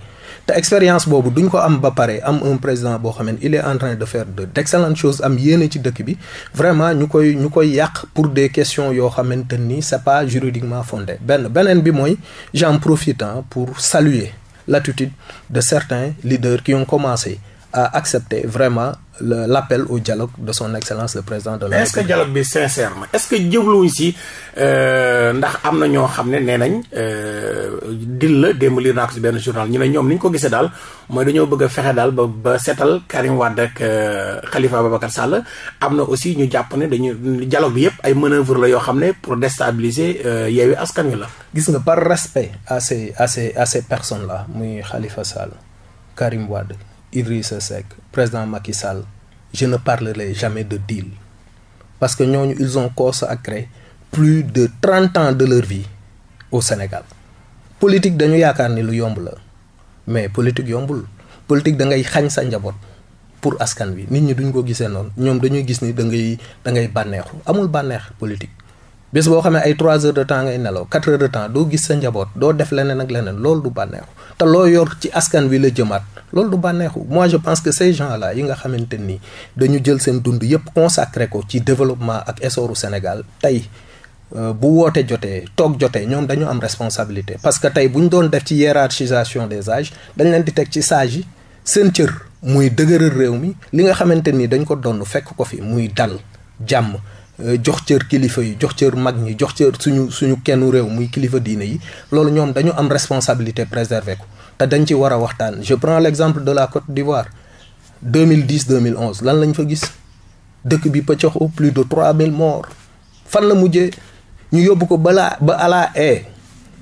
te expérience boobu duñ ko am ba pare am un président boo xam ne il est en de faire de d'excellentes choses am yéene ci dëkk bi vraiment ñu koy ñu koy yàq pour des questions yoo xamante ni c'est pas juridiquement fonde benn beneen bi mooy j'en profite pour saluer l'attitude de certains leaders qui ont commencé a accepté vraiment le l' appel au dialogue de son excellence le président de la République. est ce que dialogue bi sincère na est ce que jëbluwuñ si euh, ndax am na ñoo xam ne nee nañ euh, dil la démb liir benn journal ñu ne ñoom ni ñu ko gisee daal mooy dañoo bëgg a fexe daal ba ba seetal Karim Wade ak euh, Khalifa Ababacar Sall am na aussi ñu jàpp ne dañu dialogue bi yëpp ay manœuvre la yoo xam ne pour déstabiliser Yewwi Askan Wi la. gis nga par respect à ces à ces à ces personnes là muy Khalifa Sall Karim Wade. Idrissa Seck président Macky Sall je ne parlerai jamais de deal parce que ñooñu ils ont consacré plus de trente ans de leur vie au Sénégal politique dañu yaakaar ni lu yomb la mais politique yombul politique dangay xañ sa njaboot pour askan wi nit ñi duñ ko gisee noonu ñoom dañuy gis ni dangay da ngay bànneexu amul bànneex politique bés boo xamee ay trois heures de temps ngay nelaw quatre de temps doo gis sa njaboot doo def leneen ak leneen loolu du bànneexu te loo yor ci askan wi la jëmaat loolu du bànneexu moi je pense que ces gens là yi nga xamante nii dañu jël seen dund yëpp consacré ko ci développement ak essoru Sénégal tey euh, bu woote jotee toog jotee ñoom dañu am responsabilité parce que tey bu ñu doon def ci hiérarchisation des âges dañ leen di teg ci sages yi seen cër muy dëgëral réew mi li nga xamante ni dañ ko donn fekk ko fi muy dal jàmm Euh, jox cër kilifa yi jox cër mag ñi jox cër suñu suñu kenn réew muy kilifa diine yi loolu ñoom dañu am responsabilité préserver ko te dañ ci war a waxtaan je prends l'exemple de la Côte d'Ivoire 2010 2011 lan lañ fa gis dëkk bi pëccoxu plus de trois mille morts fan la mujje ñu yóbbu ko balaa ba ala e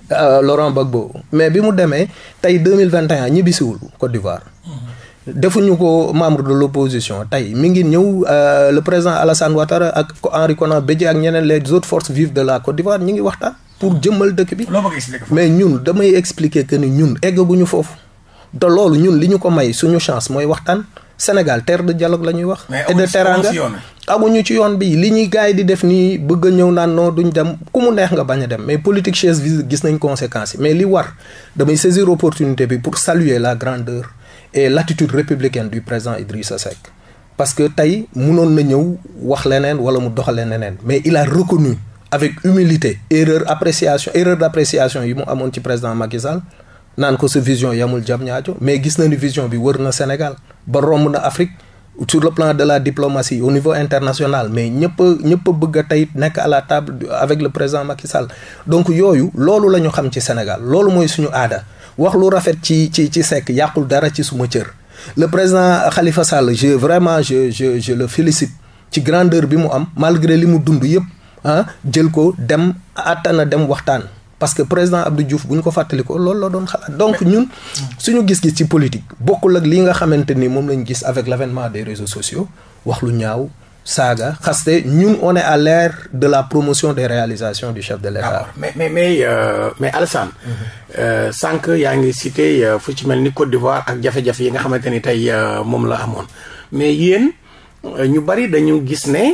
euh, Laurent Gbagbo mais bi mu demee tey deux mille vingt 2021 ñibbisiwul Côte d'Ivoire mmh. defuñu ko membre de l' opposition tey mi ngi ñëw euh, le président Alassane Ouattara ak Henri Konan Bédié ak ñeneen les autres forces vives de la Côte d'Ivoire ñu ngi waxtaan pour jëmmal dëkk bi. mais ñun damay expliquer que ni ñun eggaguñu foofu. te loolu ñun li ñu ko may suñu chance mooy waxtaan Sénégal terre de dialogue la ñuy wax. et de teranga aguñu ci yoon bi li ñuy gars yi di def nii bëgg ñëw naan noo duñ dem ku mu neex nga bañ a dem mais politique chaise vide gis nañ conséquences mais li war damay saisir opportunité bi pour saluer la grandeur et l'attitude républicaine du président Idrissa Seck parce que tey munoon na ñëw wax leneen wala mu doxalee neneen mais il a reconnu avec humilité erreur appréciation erreur d'appréciation yi mu amoon ci président Macky naan ko sa vision yamul jam ñaajo mais gis na ni vision bi wër na Sénégal ba romb na Afrique sur le plan de la diplomatie au niveau international mais ñëpp ñëpp a bëgg tey nekk à la table avec le président Macky Sall donc yooyu loolu la ñu xam ci Sénégal loolu mooy suñu aada wax lu rafet ci ci ci Seck yàqul dara ci suma cër le président xalifa Sall je vraiment je je je le félicite ci grandeur bi mu am malgré li mu dund yëpp ah jël ko dem àttana dem waxtaan parce que président Abdou Diouf bu ñu ko fàttali ko loolu la doon xalaat donc ñun suñu gis-gis ci politique bokkul ak li nga xamante ni moom lañ gis avec l'avènement des réseaux sociaux wax lu ñaaw saaga xaste ñun on est à l'ère de la promotion des réalisations du chef de l'État mais mais mais euh, mais Alassane mhm. euh, sànq yaa ngi cité euh, fu ci mel ni Côte d'Ivoire ak jafe-jafe yi nga xamante ni tey euh, moom la amoon mais yéen ñu bari dañu gis ne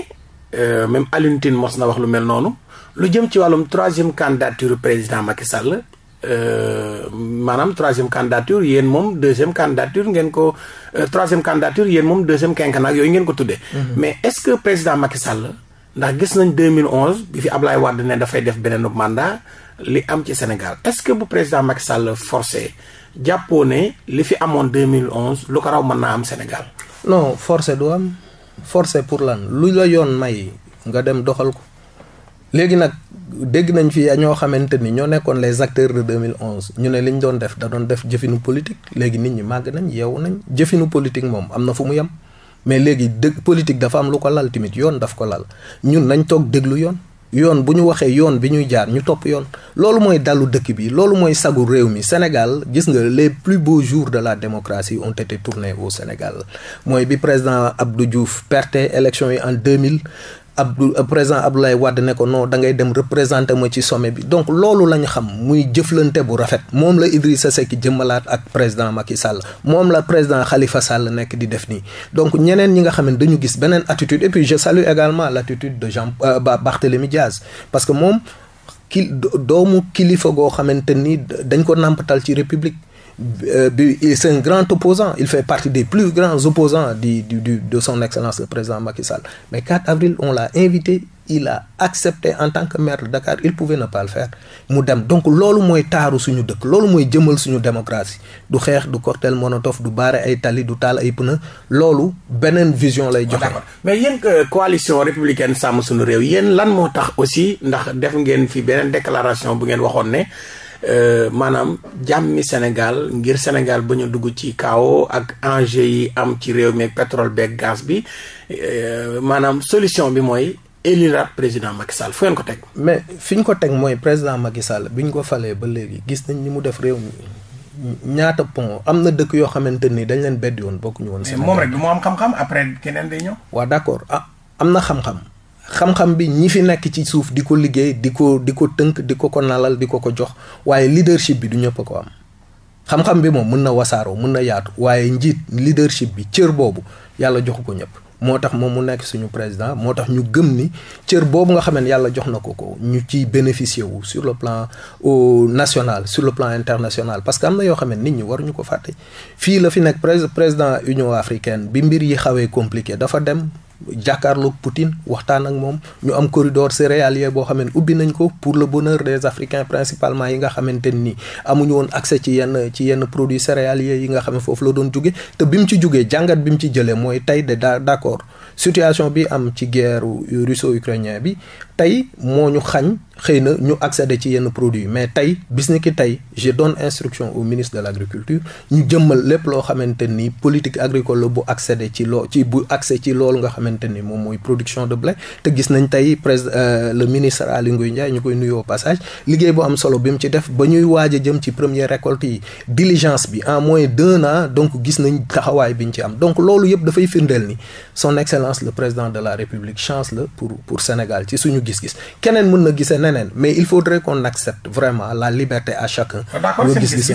même Alioune Tine mos na wax lu mel noonu lu jëm ci wàllum troisième candidature président Macky Sall Euh, maanaam troisième candidature yéen moom deuxième candidature ngeen ko euh, troisième candidature yéen moom deuxième quinquennat yooyu ngeen ko tuddee. Mhm. mais est-ce que président Macky Sall ndax gis nañ 2011 bi fi am Ablaye Wade ne dafay def beneen mandat li am ci Sénégal est-ce que bu président Macky Sall forcé jàppoo ne li fi amoon 2011 lu ko raw mën naa am Sénégal. non forcé du am forcé pour lan lu la yoon may nga dem doxal ko léegi nag. dégg nañ fi ñoo xamante ni ñoo nekkoon les acteurs de 2011 ñu ne li doon def da doon def jëfinu politique léegi nit ñi màgg nañ yow nañ jëfinu politique moom am na fu mu yem mais léegi dëgg politique dafa am lu ko lal tamit yoon daf ko lal ñun nañ toog déglu yoon yoon bu ñu waxee yoon bi ñuy jaar ñu topp yoon loolu mooy dallu dëkk bi loolu mooy sagu réew mi Sénégal gis nga les plus beaux jours de la démocratie ont été tournés au Sénégal mooy bi président Abdou Diouf perte élection yi en 2000 Abdou euh, président Abdoulaye wadd ne ko non da ngay dem représenté ma ci sommet bi donc loolu la ñu xam muy jëflante bu rafet moom la sa Seck jëmmalaat ak président Macky Sall moom la président Khalifa Sall nekk di def nii donc ñeneen ñi nga xam dañu gis beneen attitude et puis je salue également l' attitude de Jean euh, Barthélémy Diaz parce que moom ki doomu kilifa goo xamante ni dañ ko nàmpatal ci république Euh, c'est un grand opposant. Il fait partie des plus grands opposants du, du, du, de son Excellence le président Macky Mais 4 avril, on l'a invité. Il a accepté en tant que maire de Dakar. Il pouvait ne pas le mu dem donc loolu mooy taaru suñu dëkk loolu mooy jëmal suñu démocratie du xeex du cocktail Molotov du baare ay tali du taal ay pneu loolu beneen vision lay joxe. mais yéen coalition républicaine sàmm suñu réew yéen lan moo tax aussi ndax def ngeen fi beneen déclaration bu ngeen waxoon ne. Euh, maanaam jàmmi Sénégal ngir Sénégal ba ñu dugg ci kawo ak enjeu yi am ci réew mi pétrole beeg gaz bi euh, maanaam solution bi mooy élira président Macky Sall fu ngeen ko teg. mais fi ñu ko teg mooy président Macky Sall bi ñu ko falee ba léegi gis nañ ni mu def réew mi. ñaata pont am na dëkk yoo xamante nii dañ leen bedd yoon bokkuñu woon. Sénégal moom rek du mu am xam-xam après keneen day ñëw. waa d'accord ah am na xam-xam. xam-xam bi ñi fi nekk ci suuf di ko liggéey di ko di ko tënk di ko ko nalal di ko ko jox waaye leadership bi du ñëpp a ko am xam-xam bi moom mën na wasaaroo mën na yaatu waaye njiit leadership bi cër boobu yàlla joxu ko ñëpp moo tax moom mu nekk suñu président moo tax ñu gëm ni cër boobu nga xam ne yàlla jox na ko ko ñu ciy bénéficier wu sur le plan au national sur le plan international parce que am na yoo xam ne nit ñi waruñu ko fàtte fii la fi nekk président Union africaine bi mbir yi xawee compliqué dafa dem jàkkaarloog Poutine waxtaan ak moom ñu am corridor céréalier boo xam ne ubbi nañ ko pour le bonheur des africains principalement yi nga xamante ni amuñu woon accès ci yenn ci yenn produits céréaliers yi nga xam ne foofu la doon jóge te bi mu ci jógee jàngat bi mu ci jëlee mooy tey de d'accord situation bi am ci guerre russo-ukrainien bi tey moo ñu xañ xëy na ñu accéder ci yenn produits mais tey bis ni tey je donne instruction au ministre de l' agriculture ñu jëmmal lépp loo xamante ni politique agricole la bu accéder ci loo ci bu accès ci loolu nga xamante ni moom mooy production de blé te gis nañ tey pres euh, le ministre Aly Ngouille Ndiaye ñu koy nuyoo passage liggéey bu am solo bi mu ci def ba ñuy waaja a jëm ci première récolte yi diligence bi en moins d'un an donc gis nañ taxawaay bi ñu ci am donc loolu yëpp dafay firndeel ni son excellence le président de la république chance la pour pour Sénégal ci suñu gis-gis keneen mën na gisee neneen mais il faudrait qu'on accepte vraiment la liberté à chacun. Ah, d'accord seen gis-gis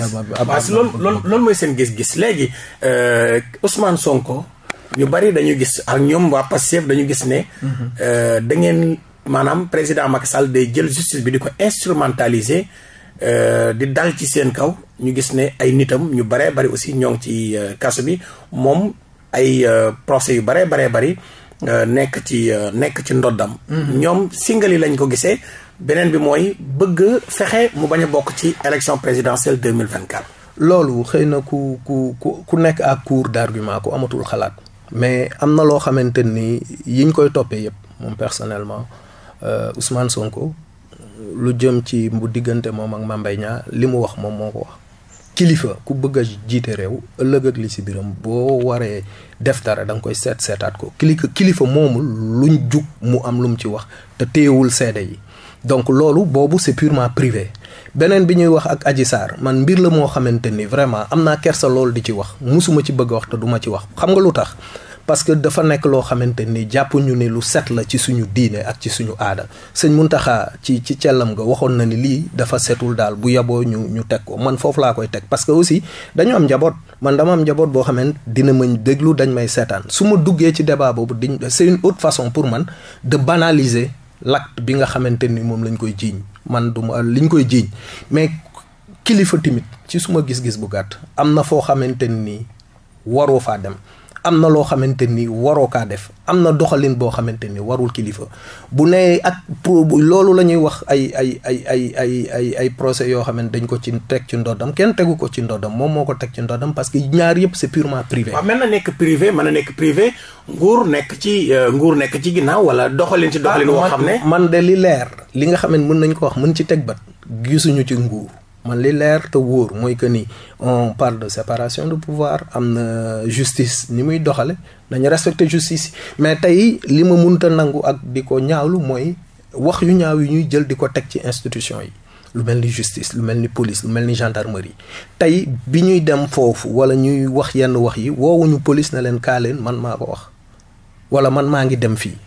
loolu loolu loolu mooy seen gis-gis léegi euh, Ousmane Sonko ñu bari dañu gis ak ñoom waa Pastef dañu gis ne. Mhm. Euh, da ngeen maanaam président Macky Sall day jël justice bi di ko instrumentaliser. Euh, di dal ci seen kaw ñu gis ne ay nitam ñu baree bari aussi ñoo ngi ci euh, kaso bi moom ay procès yu baree baree bari Euh, nekk ci euh, nekk ci ndoddam ñoom singali lañ ko gisee beneen bi mooy bëgg fexe mu bañ a bokk ci élection présidentielle 2024 loolu xëy na ku ku ku ku nekk à court d'argument ku amatul xalaat mais am na loo xamante ni yiñ koy toppee yëpp moom personnellement euh, Ousmane Sonko lu jëm ci mu diggante moom ak Mame li mu wax moom moo ko wax kilifa ku bëgg a jiite réew ëllëg ak li si biram boo waree def dara da nga koy seet seetaat ko kilifa kilifa moomul luñ jug mu am lu mu ci wax te téyewul seede yi donc loolu boobu c'est purement privé beneen bi ñuy wax ak Adji Sarr man mbir la moo xamante ni vraiment am naa kersa loolu di ci wax mosuma ci bëgg a wax te duma ci wax xam nga lu tax parce que dafa nekk loo xamante ni jàppuñu ni lu set la ci suñu diinee ak ci suñu aada sëñ Muntaxa ci ci cellam nga waxoon na ni lii dafa setul daal bu yaboo ñu ñu teg ko man foofu laa koy teg parce que aussi dañu am njaboot man dama am njaboot boo xamante dina mañ déglu dañ may seetaan su duggee ci débat boobu diñ c'est une façon pour man de banaliser l'acte bi nga xamante ni moom lañ koy jiiñ man duma ma liñ koy jiiñ mais kilifa timit ci suma gis-gis bu gàtt am na foo xamante nii waroo faa dem am na loo xamante ni waroo kaa def am na doxalin boo xamante ni warul kilifa bu nee ak loolu la ñuy wax ay ay ay ay ay ay ay procès yoo xam ne dañ ko ci teg ci ndoddam kenn tegu ko ci ndoddam moom moo ko teg ci ndoddam parce que ñaar yëpp c'est purement privé. waaw mën na nekk privé mën na nekk privé nguur nekk ci euh, nguur nekk ci ginnaaw wala doxalin ci doxalin. woo ah, xam ne man de li leer li nga xam ne mën nañ ko wax mën ci teg bat gisuñu ci nguur. man li leer te wóor mooy que ni on parle de séparation de pouvoir am na justice ni muy doxale nañu respecter justice mais tey li ma munta nangu ak di ko ñaawlu mooy wax yu ñaaw yi ñuy jël di ko teg ci institution yi lu mel ni justice lu mel ni police lu mel ni gendarmerie tey bi ñuy dem foofu wala ñuy wax yenn wax yi woowuñu police na leen kaaleen man maa ko wax wala man maa ngi dem fii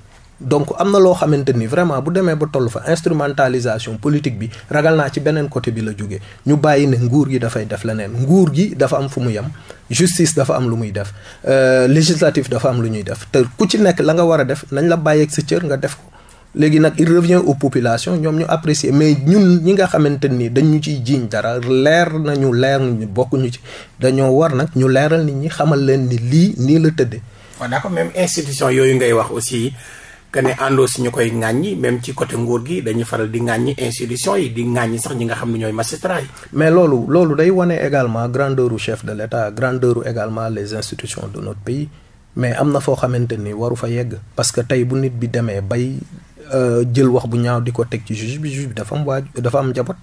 donc am na loo xamante ni vraiment bu demee ba toll fa instrumentalisation politique bi ragal naa ci beneen côté bi la jógee ñu bàyyi ne nguur gi dafay def leneen nguur gi dafa am fu mu yem justice dafa am lu muy def euh, législatif dafa am lu ñuy def te ku ci nekk la nga war a def nañ la bàyyeeg sa cër nga def ko léegi nag il revient aux populations ñoom ñu apprécier mais ñun ñi nga xamante ni dañu ciy jiiñ dara leer nañu leer ñu bokkuñu ci dañoo war nag ñu leeral nit ñi xamal leen ni lii nii la tëdde waa d'accord même institution yooyu ngay wax aussi. que ne àndoo si ñu koy ŋàññi même ci côté nguur gi dañuy faral di ŋàññi institution yi di ŋàññi sax ñi nga xam ne ñooy magistrat yi. mais loolu loolu day wane également grandeur u chef de l' état grandeur u également les institutions de notre pays mais am na foo xamante ni waru fa yegg parce que tey bu nit bi demee bay euh, jël wax bu ñaaw di ko teg ci juge bi juge bi dafa am waaj dafa am njaboot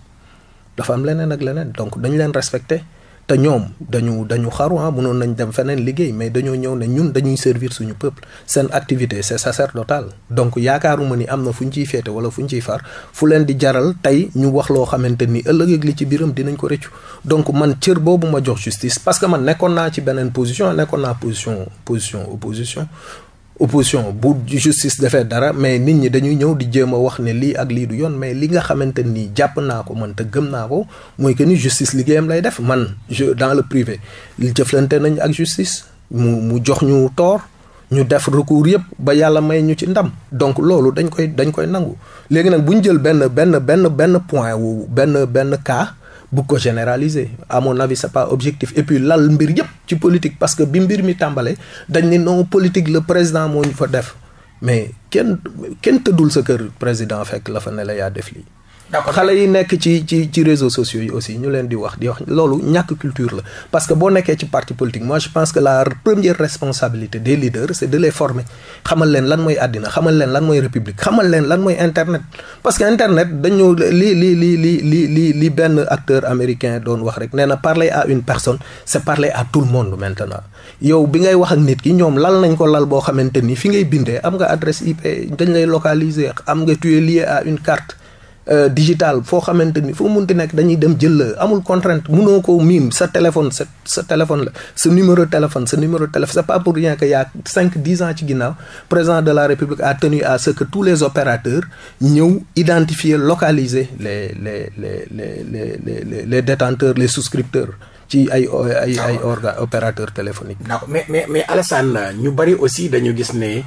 dafa am leneen ak leneen donc dañu leen respecté. te ñoom dañu dañu xaru ah mënoon nañ dem feneen liggéey mais dañoo ñëw ne ñun dañuy service suñu peuple seen activité c'est sacerdotal donc yaakaaruma ni am na fu ñu ci féete wala fu ñu ciy far fu leen di jaral tey ñu wax loo xamante ni ëllëg ak li ci biiram dinañ ko rëccu donc man cër boobu ma jox justice parce que man nekkoon naa ci beneen position nekkoon naa position position opposition opposition bu justice defee dara mais nit ñi dañuy ñëw di jéem a wax ne lii ak lii du yoon mais li nga xamante nii jàpp naa ko man te gëm naa ko mooy que ni justice liggéeyam lay def man je dans le privé jëflante nañ ak justice mu mu jox ñu tort ñu def recours yëpp ba yàlla may ñu ci ndam donc loolu dañ koy dañ koy nangu léegi nag bu ñu jël benn benn benn benn point wu benn benn cas bu ko généraliser amoon na bi sa pas objectif et puis lal mbir yëpp ci politique parce que bi mbir mi tàmbalee dañ ni non politique le président moo ñu fa def mais kenn kenn tëddul sa kër président fekk la fa ne la yaa def lii d'accord xale yi nekk ci ci ci réseaux sociaux yi aussi ñu leen di wax di wax loolu ñàkk culture la parce que boo nekkee ci parti politique moi je pense que la première responsabilité des leaders c'est de les former xamal leen lan mooy àddina xamal leen lan mooy république xamal leen lan mooy internet parce que internet dañu li li li li li li li benn acteur américain doon wax rek nee na parler à une personne c'est parler à tout le monde maintenant yow bi ngay wax ak nit ki ñoom lal nañ ko lal boo xamante ni fi ngay bindee am nga adresse dañ lay localiser am nga tu es à une carte Euh, digital foo xamante ni foo mun munti nekk dañuy dem jël la amul contrainte munoo ko miim sa téléphone sa sa téléphone la sa numéro téléphone sa numéro téléphone c'est pas pour rien que y'a cinq dix ans ci ginnaaw président de la république a tenu à ce que tous les opérateurs ñëw identifier localiser les les les les les les les détenteurs les souscripteurs ci ay ay ay orga opérateur mais mais mais Alassane ñu bari aussi dañu gis ne.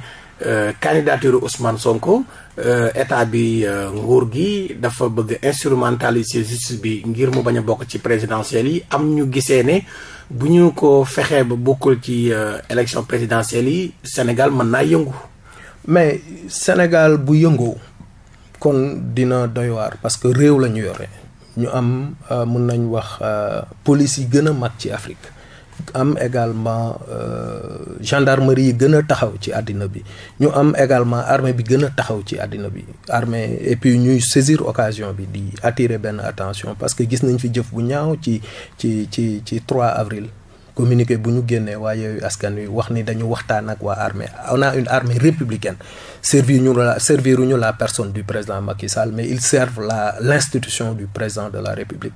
Euh, candidature Ousmane Sonko euh, état bi euh, nguur gi dafa bëgg instrumentaliser justice bi ngir mu bañ a bokk ci présidentielles yi am ñu gisee ne bu ñu ko fexee ba bokkul ci élection présidentielles yi Sénégal mën naa yëngu. mais Sénégal bu yëngoo kon dina doy waar parce que réew la ñu yore ñu am mun nañ wax police yi gën a mag ci Afrique. am également euh, gendarmerie yi gën a taxaw ci àddina bi ñu am également armée bi gën a taxaw ci àddina bi armée et puis ñuy saisir occasion bi di attirer benn attention parce que gis nañ fi jëf bu ñaaw ci ci ci ci 3 avril communiquer bu ñu génnee waa yooyu askan wi wax ni dañu waxtaan ak waa armée on a une armée républicaine servir ñu la servir ñu la personne du président Macky Sall mais ils la l' institution du président de la République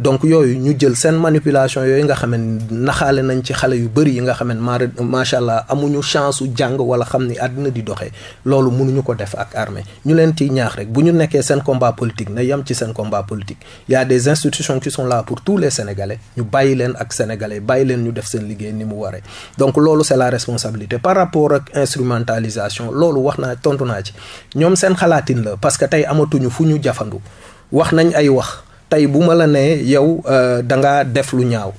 donc yooyu ñu jël seen manipulation yooyu nga xam ne naxaale nañ ci xale yu bëri yi nga xam ne maara macha amuñu chance u jàng wala xam ni àddina di doxee loolu mënuñu ko def ak armée ñu leen ciy ñaax rek bu ñu nekkee seen combat politique na yem ci seen combat politique y a des institutions qui sont là pour tous les sénégalais ñu bàyyi leen ak sénégalais bàyyi leen ñu def seen liggéey ni mu waree donc loolu c'est la responsabilité par rapport ak instrumentalisation loolu wax naa tontu naa ci ñoom seen xalaatin la parce que tey amatuñu fu ñu jafandu wax nañ ay wax tey bu ma la nee yow euh, da ngaa def lu ñaaw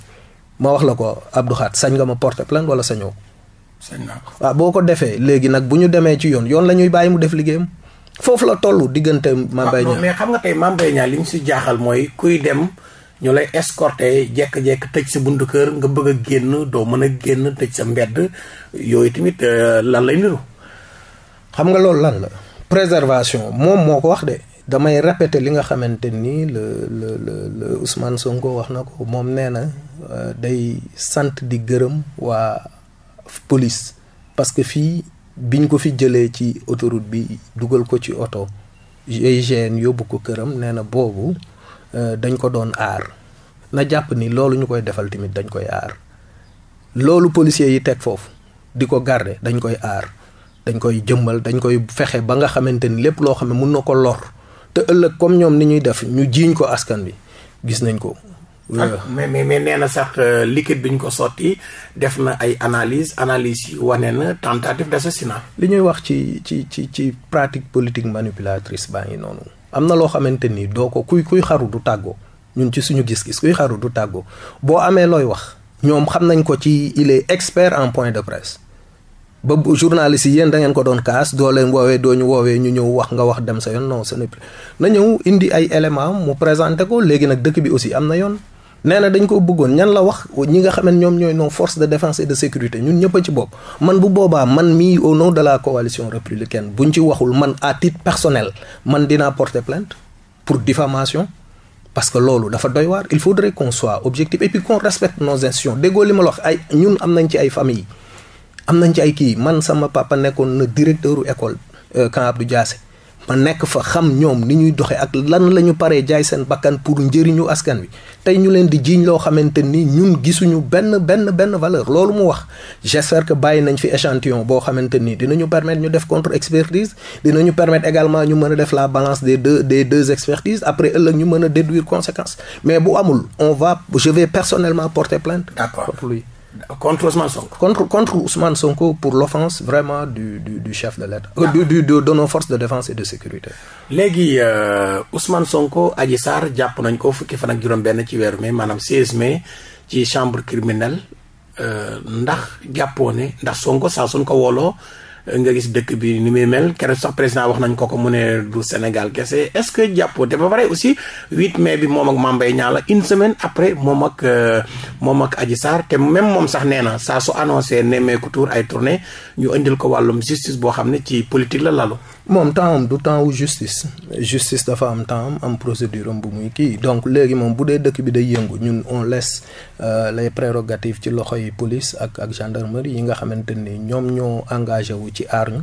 ma wax la ko Abdou Khat sañ nga ma porter plainte wala sañoo sañ naa ko waaw ah, boo ko defee léegi nag bu ñu demee ci yoon yoon la ñuy bàyyi mu def liggéeyam foofu la toll diggante Mame Mbaye ah, mais xam tey Mame Mbaye li ñu si jaaxal mooy kuy dem ñu lay escorté jekk-jekk tëj sa buntu kër nga bëgg a génn doo mën a génn tëj sa mbedd yooyu tamit euh, lan lay niru xam nga loolu lan la préservation moom moo ko wax de damay répéter li nga xamante ni le le le le Sonko wax na ko moom nee na euh, day sant di gërëm waa police parce que fii biñ ko fi jëlee ci autoroute bi dugal ko ci oto GIGN yóbbu ko këram nee na boobu euh, dañ ko doon aar na jàpp ni loolu ñu koy defal tamit dañ koy aar loolu policiers yi teg foofu di ko garde dañ koy aar dañ koy jëmmal dañ koy fexe ba nga xamante ni lépp loo xam ne mun na ko lor te ëllëg comme ñoom ni ñuy def ñu jiiñ ko askan bi gis nañ ko. Ah, mais mais mais nee na sax euh, liquide bi ñu ko sotti def na ay analyse analyse yi wane na tentative d'assassinat. li ñuy wax ci ci ci ci pratique politique manipulatrice baa ngi noonu. am na loo xamante ni doo ko kuy kuy xaru du tàggoo ñun ci suñu gis-gis kuy xaru du tàggoo boo amee looy wax ñoom xam nañ ko ci il est expert en point de presse. ba journaliste yi yéen da ngeen ko doon kaas doo leen woowee doo ñu woowee ñu ñëw wax nga wax dem sa yoon non ce n'est plus na ñëw indi ay éléments mu présenté ko léegi nag dëkk bi aussi am na yoon. nee na dañ ko bëggoon ñan la wax ñi nga xam ne ñoom ñooy non force de défense et de sécurité ñun ñëpp a ci bopp man bu boobaa man mii au nom de la coalition bu ñu ci waxul man à titre personnel man dinaa porter plainte pour diffamation parce que loolu dafa doy waar il faudrait qu'on soit objectif et puis qu'on respecte nos wax ay ñun am nañ ci ay famille am nañ ci ay kii man sama papa nekkoon na directeuru école euh, Camp Abdou Diassé ma nekk fa xam ñoom ni ñuy doxee ak lan la ñu paree jaay seen bakkan pour njëriñu askan wi tey ñu leen di jiiñ loo xamante ni ñun gisuñu benn benn benn valeur loolu mu wax j'espère que bàyyi nañ fi échantillon boo xamante ni dinañu permettre ñu def contre expertise dinañu permettre également ñu mën a def la balance des deux des deux expertises après ëllëg ñu mën a déduire conséquence mais bu amul on va je vais personnellement porter plainte Contre Ousmane Sonko. Contre, contre Ousmane Sonko pour l'offense vraiment du, du, chef de l'État. Ah. Du, du, de nos forces de défense et de sécurité. léegi euh, Ousmane Sonko Adji Sarr jàpp nañ ko fukki fan ak juróom-benn ci weeru mais maanaam 16 mai ci chambre criminelle euh, ndax jàppoo ne ndax Sonko saa suñ ko wooloo. nga gis dëkk bi ni muy mel keroog sax président wax nañ ko ko mu ne du Sénégal kese est-ce que jàppoo te ba pare aussi 8 mai bi moom ak Mame Mbaye Niang la une semaine après moom ak euh, moom ak Adji Sarr te même moom sax nee na saa su annoncé nemmeeku tour ay tournée ñu indil ko wàllum justice boo xam ne ci politique la lalu. moom temps du temps wu justice dafa am temps am am procédure bu muy kii donc léegi moom bu dee dëkk bi day yëngu ñun on laisse euh, lay prérogatives ci loxo yi police ak ak gendarmerie yi nga xamante ni ñoom ñoo engagé wu ci aar ñu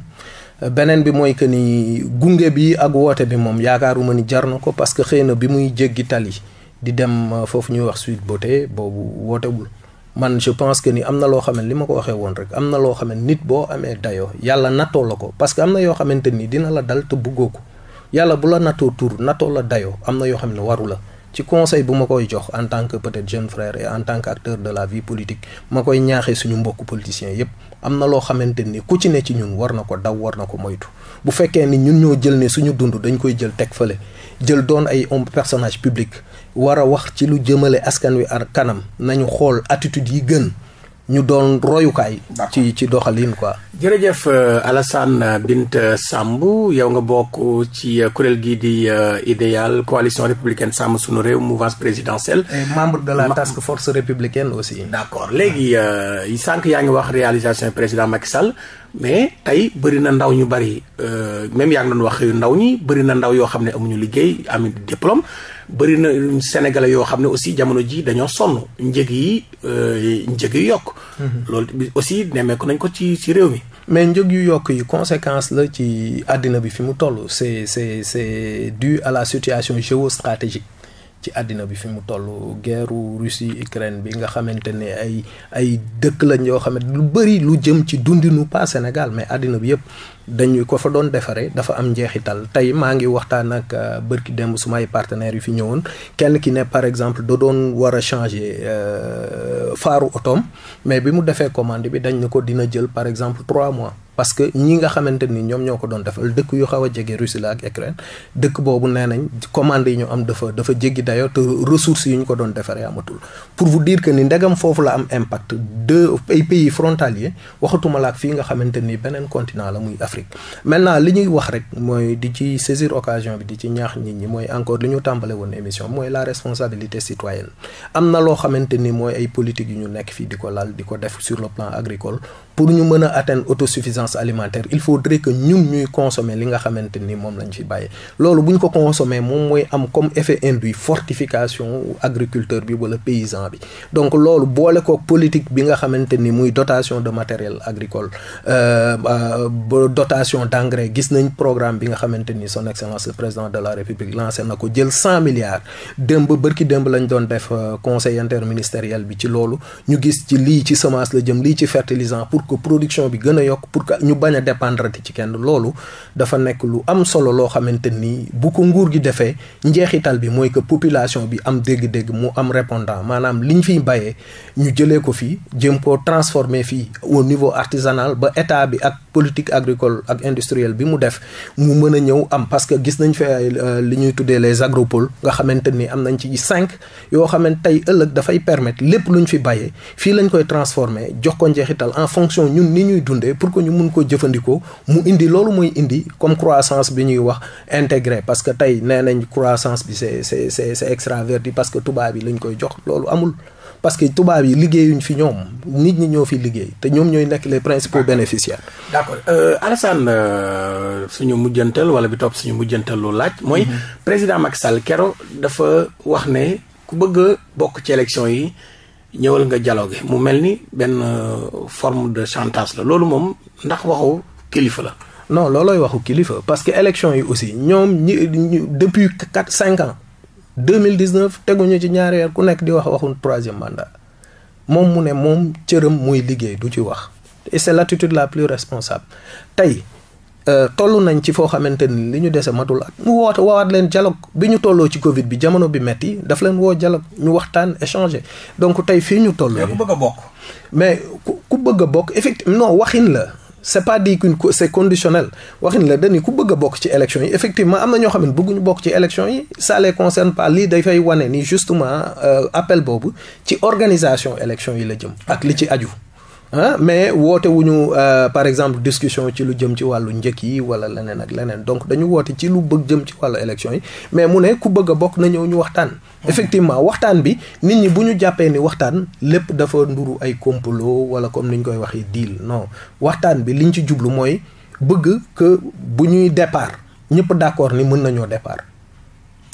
beneen bi mooy que ni gunge bi ak woote bi moom yaakaaruma ni jar na ko parce que xëy na bi muy jéggi tali di dem euh, foofu ñuy wax suite beauté boobu wootewul man je pense que ni am na loo xam ne li ma ko waxee woon rek am na loo xam nit boo amee dayoo yàlla nattoo la ko parce que am na yoo xamante ni dina la dal te bëggoo ko yàlla bu la nattoo tur nattoo la dayoo am na yoo xam ne waru la ci conseil bu ma koy jox en tant que peut-être jeune frère en tant que acteur de la vie politique ma koy ñaaxee suñu mbokk politiciens yépp am na loo xamante ni ku ci ne ci ñun war na ko daw war na ko moytu bu fekkee ni ñun ñoo jël ne suñu dund dañ koy jël teg fële jël doon ay homme personnage public war a wax ci lu jëmale askan wi ar kanam nañu xool attitude yi gën ñu doon royukaay. ci ci doxalin quoi. jërëjëf euh, Alassane Binta euh, Samb yow nga bokk ci euh, kuréel gii di idéal coalition républicaine sàmm sunu réew mouvance présidentielle. membre de la task force républicaine aussi. d' accord léegi sànq yaa ngi wax réalisation président Macky Sall mais tey bëri na ndaw ñu bëri même yaa ngi doon wax ndaw ñi bëri na ndaw yoo xam ne amuñu liggéey amuñu diplôme. bëri na sénégalais yoo xam ne aussi jamono ji dañoo sonn njëg yi euh, njëg yu yokk mhm. loolu aussi nemmeeku nañ ko ci ci réew mi mais njëg yu yokk yi conséquence la ci àddina bi fi mu toll c'est c'est c'est dû à la situation géostratégique ci àddina bi fi mu toll guerru Russie Ukraine bi nga xamante ne ay ay dëkk lañ yoo xam ne lu bëri lu jëm ci nu pas Sénégal mais àddina bi yëpp dañu ko fa doon defaree dafa am njeexital tey maa ngi waxtaan ak euh, bërki démb su may partenaires yu fi ñëwoon kenn ki ne par exemple da doon war a changer euh, faaru otoom mais bi mu defee commande bi dañ ne ko dina jël par exemple trois mois parce que ñi nga xamante ni ñoom ñoo ko doon defal dëkk yu xaw a jege Russie la ak Ukraine dëkk boobu nee nañ commande yi ñu am dafa dafa jéggi dayoo te ressources yi ñu ko doon defaree amatul pour vous diir que ni ndegam foofu la am impact deux ay pays frontaliers waxatuma la nga xamante ni beneen continent la muy Afrique Afrique maintenant li ñuy wax rek mooy di ci saisir occasion bi di ci ñaax nit ñi mooy encore li ñu tàmbale woon émission mooy la responsabilité citoyenne am na loo xamante ni mooy ay politique yu ñu nekk fii di ko laal di ko def sur le plan agricole pour ñu mën a atteindre autosuffisance alimentaire il faudrait que ñun ñuy consommer li nga xamante ni moom lañ fi bàyyee loolu bu ñu ko consommer moom mooy am comme effet induit fortification agriculteur bi wala paysan bi donc loolu boole ko politique bi nga xamante ni muy dotation de matériel agricole euh, dotation d'engrais gis nañ programme bi nga xamante ni son excellence le président de la république lancé na ko jël cent milliards démb bërki dëmb lañ doon def euh, conseil interministériel bi ci loolu que production bi gën a yokk pour que ñu bañ a dépendre ci kenn loolu dafa nekk lu am solo loo xamante ni bu ko nguur gi defee njeexital bi mooy que population bi am dégg-dégg mu am répondant maanaam liñ fiy bayee ñu jëlee ko fii jëm koo transformer fii au niveau artisanal ba état bi ak politique agricole ak industrielle bi mu def mu mën a ñëw am parce que gis nañ fi euh, li ñuy tuddee les agropoles nga xamante ni am nañ ci cinq yoo xamante ëllëg dafay permettre lépp luñ fi bayee fii fonction ñun ni ñuy dundee pour que ñu mun ko jëfandikoo mu indi loolu mooy indi comme croissance bi ñuy wax intégré parce que tey nee nañ croissance bi c'est c'est c'est c'est extraverti parce que tubaab yi lañ koy jox loolu amul parce que tubaab yi liggéeyuñ fi ñoom nit ñi ñoo fi liggéey te ñoom ñooy nekk les principaux bénéficiaires. d'accord euh, Alassane euh, suñu mujjantal wala bi topp suñu mujjantal lu laaj. mooy mhm. président Macky Sall kero dafa wax ne ku bëgg a bokk ci élection yi. ñëwal nga dialogue mu mel ni benn euh, forme de chantage la loolu moom ndax waxu kilifa la. non loolooy waxu kilifa parce que élection yi aussi ñoom ñi depuis quatre cinq ans deux mille dix neuf teguñu ci ñaari weer ku nekk di wax waxu troisième mandat moom mu ne moom cëram muy liggéey du ci wax et c'est l'attitude la plus responsable tey. Euh, toll nañ ci foo xamante ni li ñu dese matul at mu woote woowaat leen dialogue bi ñu tolloo ci Covid bi jamono bi metti daf leen woo dialogue ñu waxtaan échanger donc tey fii ñu toll. ku bëgg a bokk. mais ku bëgg a bokk effectivement non waxin la. c'est pas dit que c'est conditionnel waxin la ku bëgg bokk ci élection yi effectivement am na ñoo xam ne bëgguñu bokk ci élection yi ça les concerne pas lii day fay wane ni justement euh, appel boobu ci organisation élection yi la jëm ak li ci aju ah mais woote wu ñu euh, par exemple discussion ci lu jëm ci wàllu njëkk yi wala leneen ak leneen donc dañu woote ci lu bëgg jëm ci wàllu élection yi mais mu ne ku bëgg a bokk na ñu waxtaan. effectivement waxtaan bi nit ñi bu ñu jàppee ni waxtaan lépp dafa nduru ay complo wala comme ni ñu koy waxee deal no waxtaan bi liñ ci jublu mooy bëgg que bu ñuy départ ñëpp d'accord ni mën nañoo départ.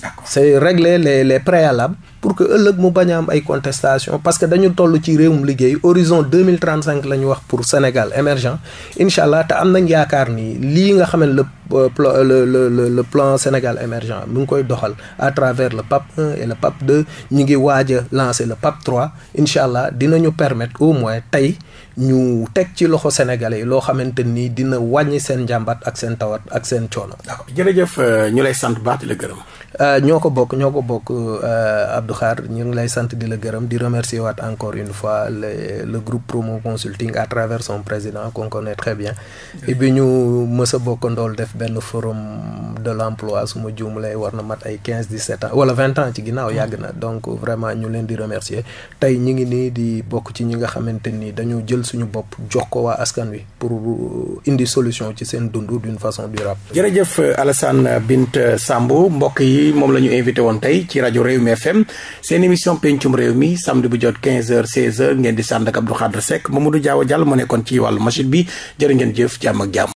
c' est régler les les préalables pour que ëllëg mu bañ am ay contestation parce que dañu toll ci réew mu liggéey horizon deux mille trente cinq la ñu wax pour Sénégal émergent incha allah te am nañ yaakaar ni lii nga xaman ne euh, euh, le le plan Sénégal émergent mu ngi koy doxal à travers le PAP 1 et le PAP 2 ñu ngi waaj lancé lancer le PAP 3 incha allah dinañu permettre au moins tey ñu teg ci loxo sénégalais yi loo xamante nii dina wàññi seen njàmbat ak seen tawat ak seen coono. jërëjëf euh, ñu lay sant baax la gërëm. Euh, ñoo ko bokk ñoo ko bokk euh, Abdou ñu ngi lay sant di la gërëm di remercier waat encore une fois le le groupe Promo Consulting à travers son président qu'on connaît très bien. et bi ñu mës a bokk ndool def benn forum de l'emploi suma ma juumlee war na mat ay quinze dix-sept ans wala vingt ans ci ginnaaw mm. yàgg na donc vraiment ñu leen di remercier tey ñu ngi nii di bokk ci ñi nga xamante nii dañoo jël suñu bopp jox ko waa askan wi pour indi solution ci seen dund d'une façon durable. jërëjëf mbokk yi. bi moom la ñu invité woon tey ci rajo Réew mi FM seen émission pencum réew mi samedi bu jot 15h 16h ngeen di sànd ak Abdou Khadre Seck Mamadou Diaw Diallo mu nekkoon ci wàllu machine bi jërë ngeen jëf jàmm ak jàmm.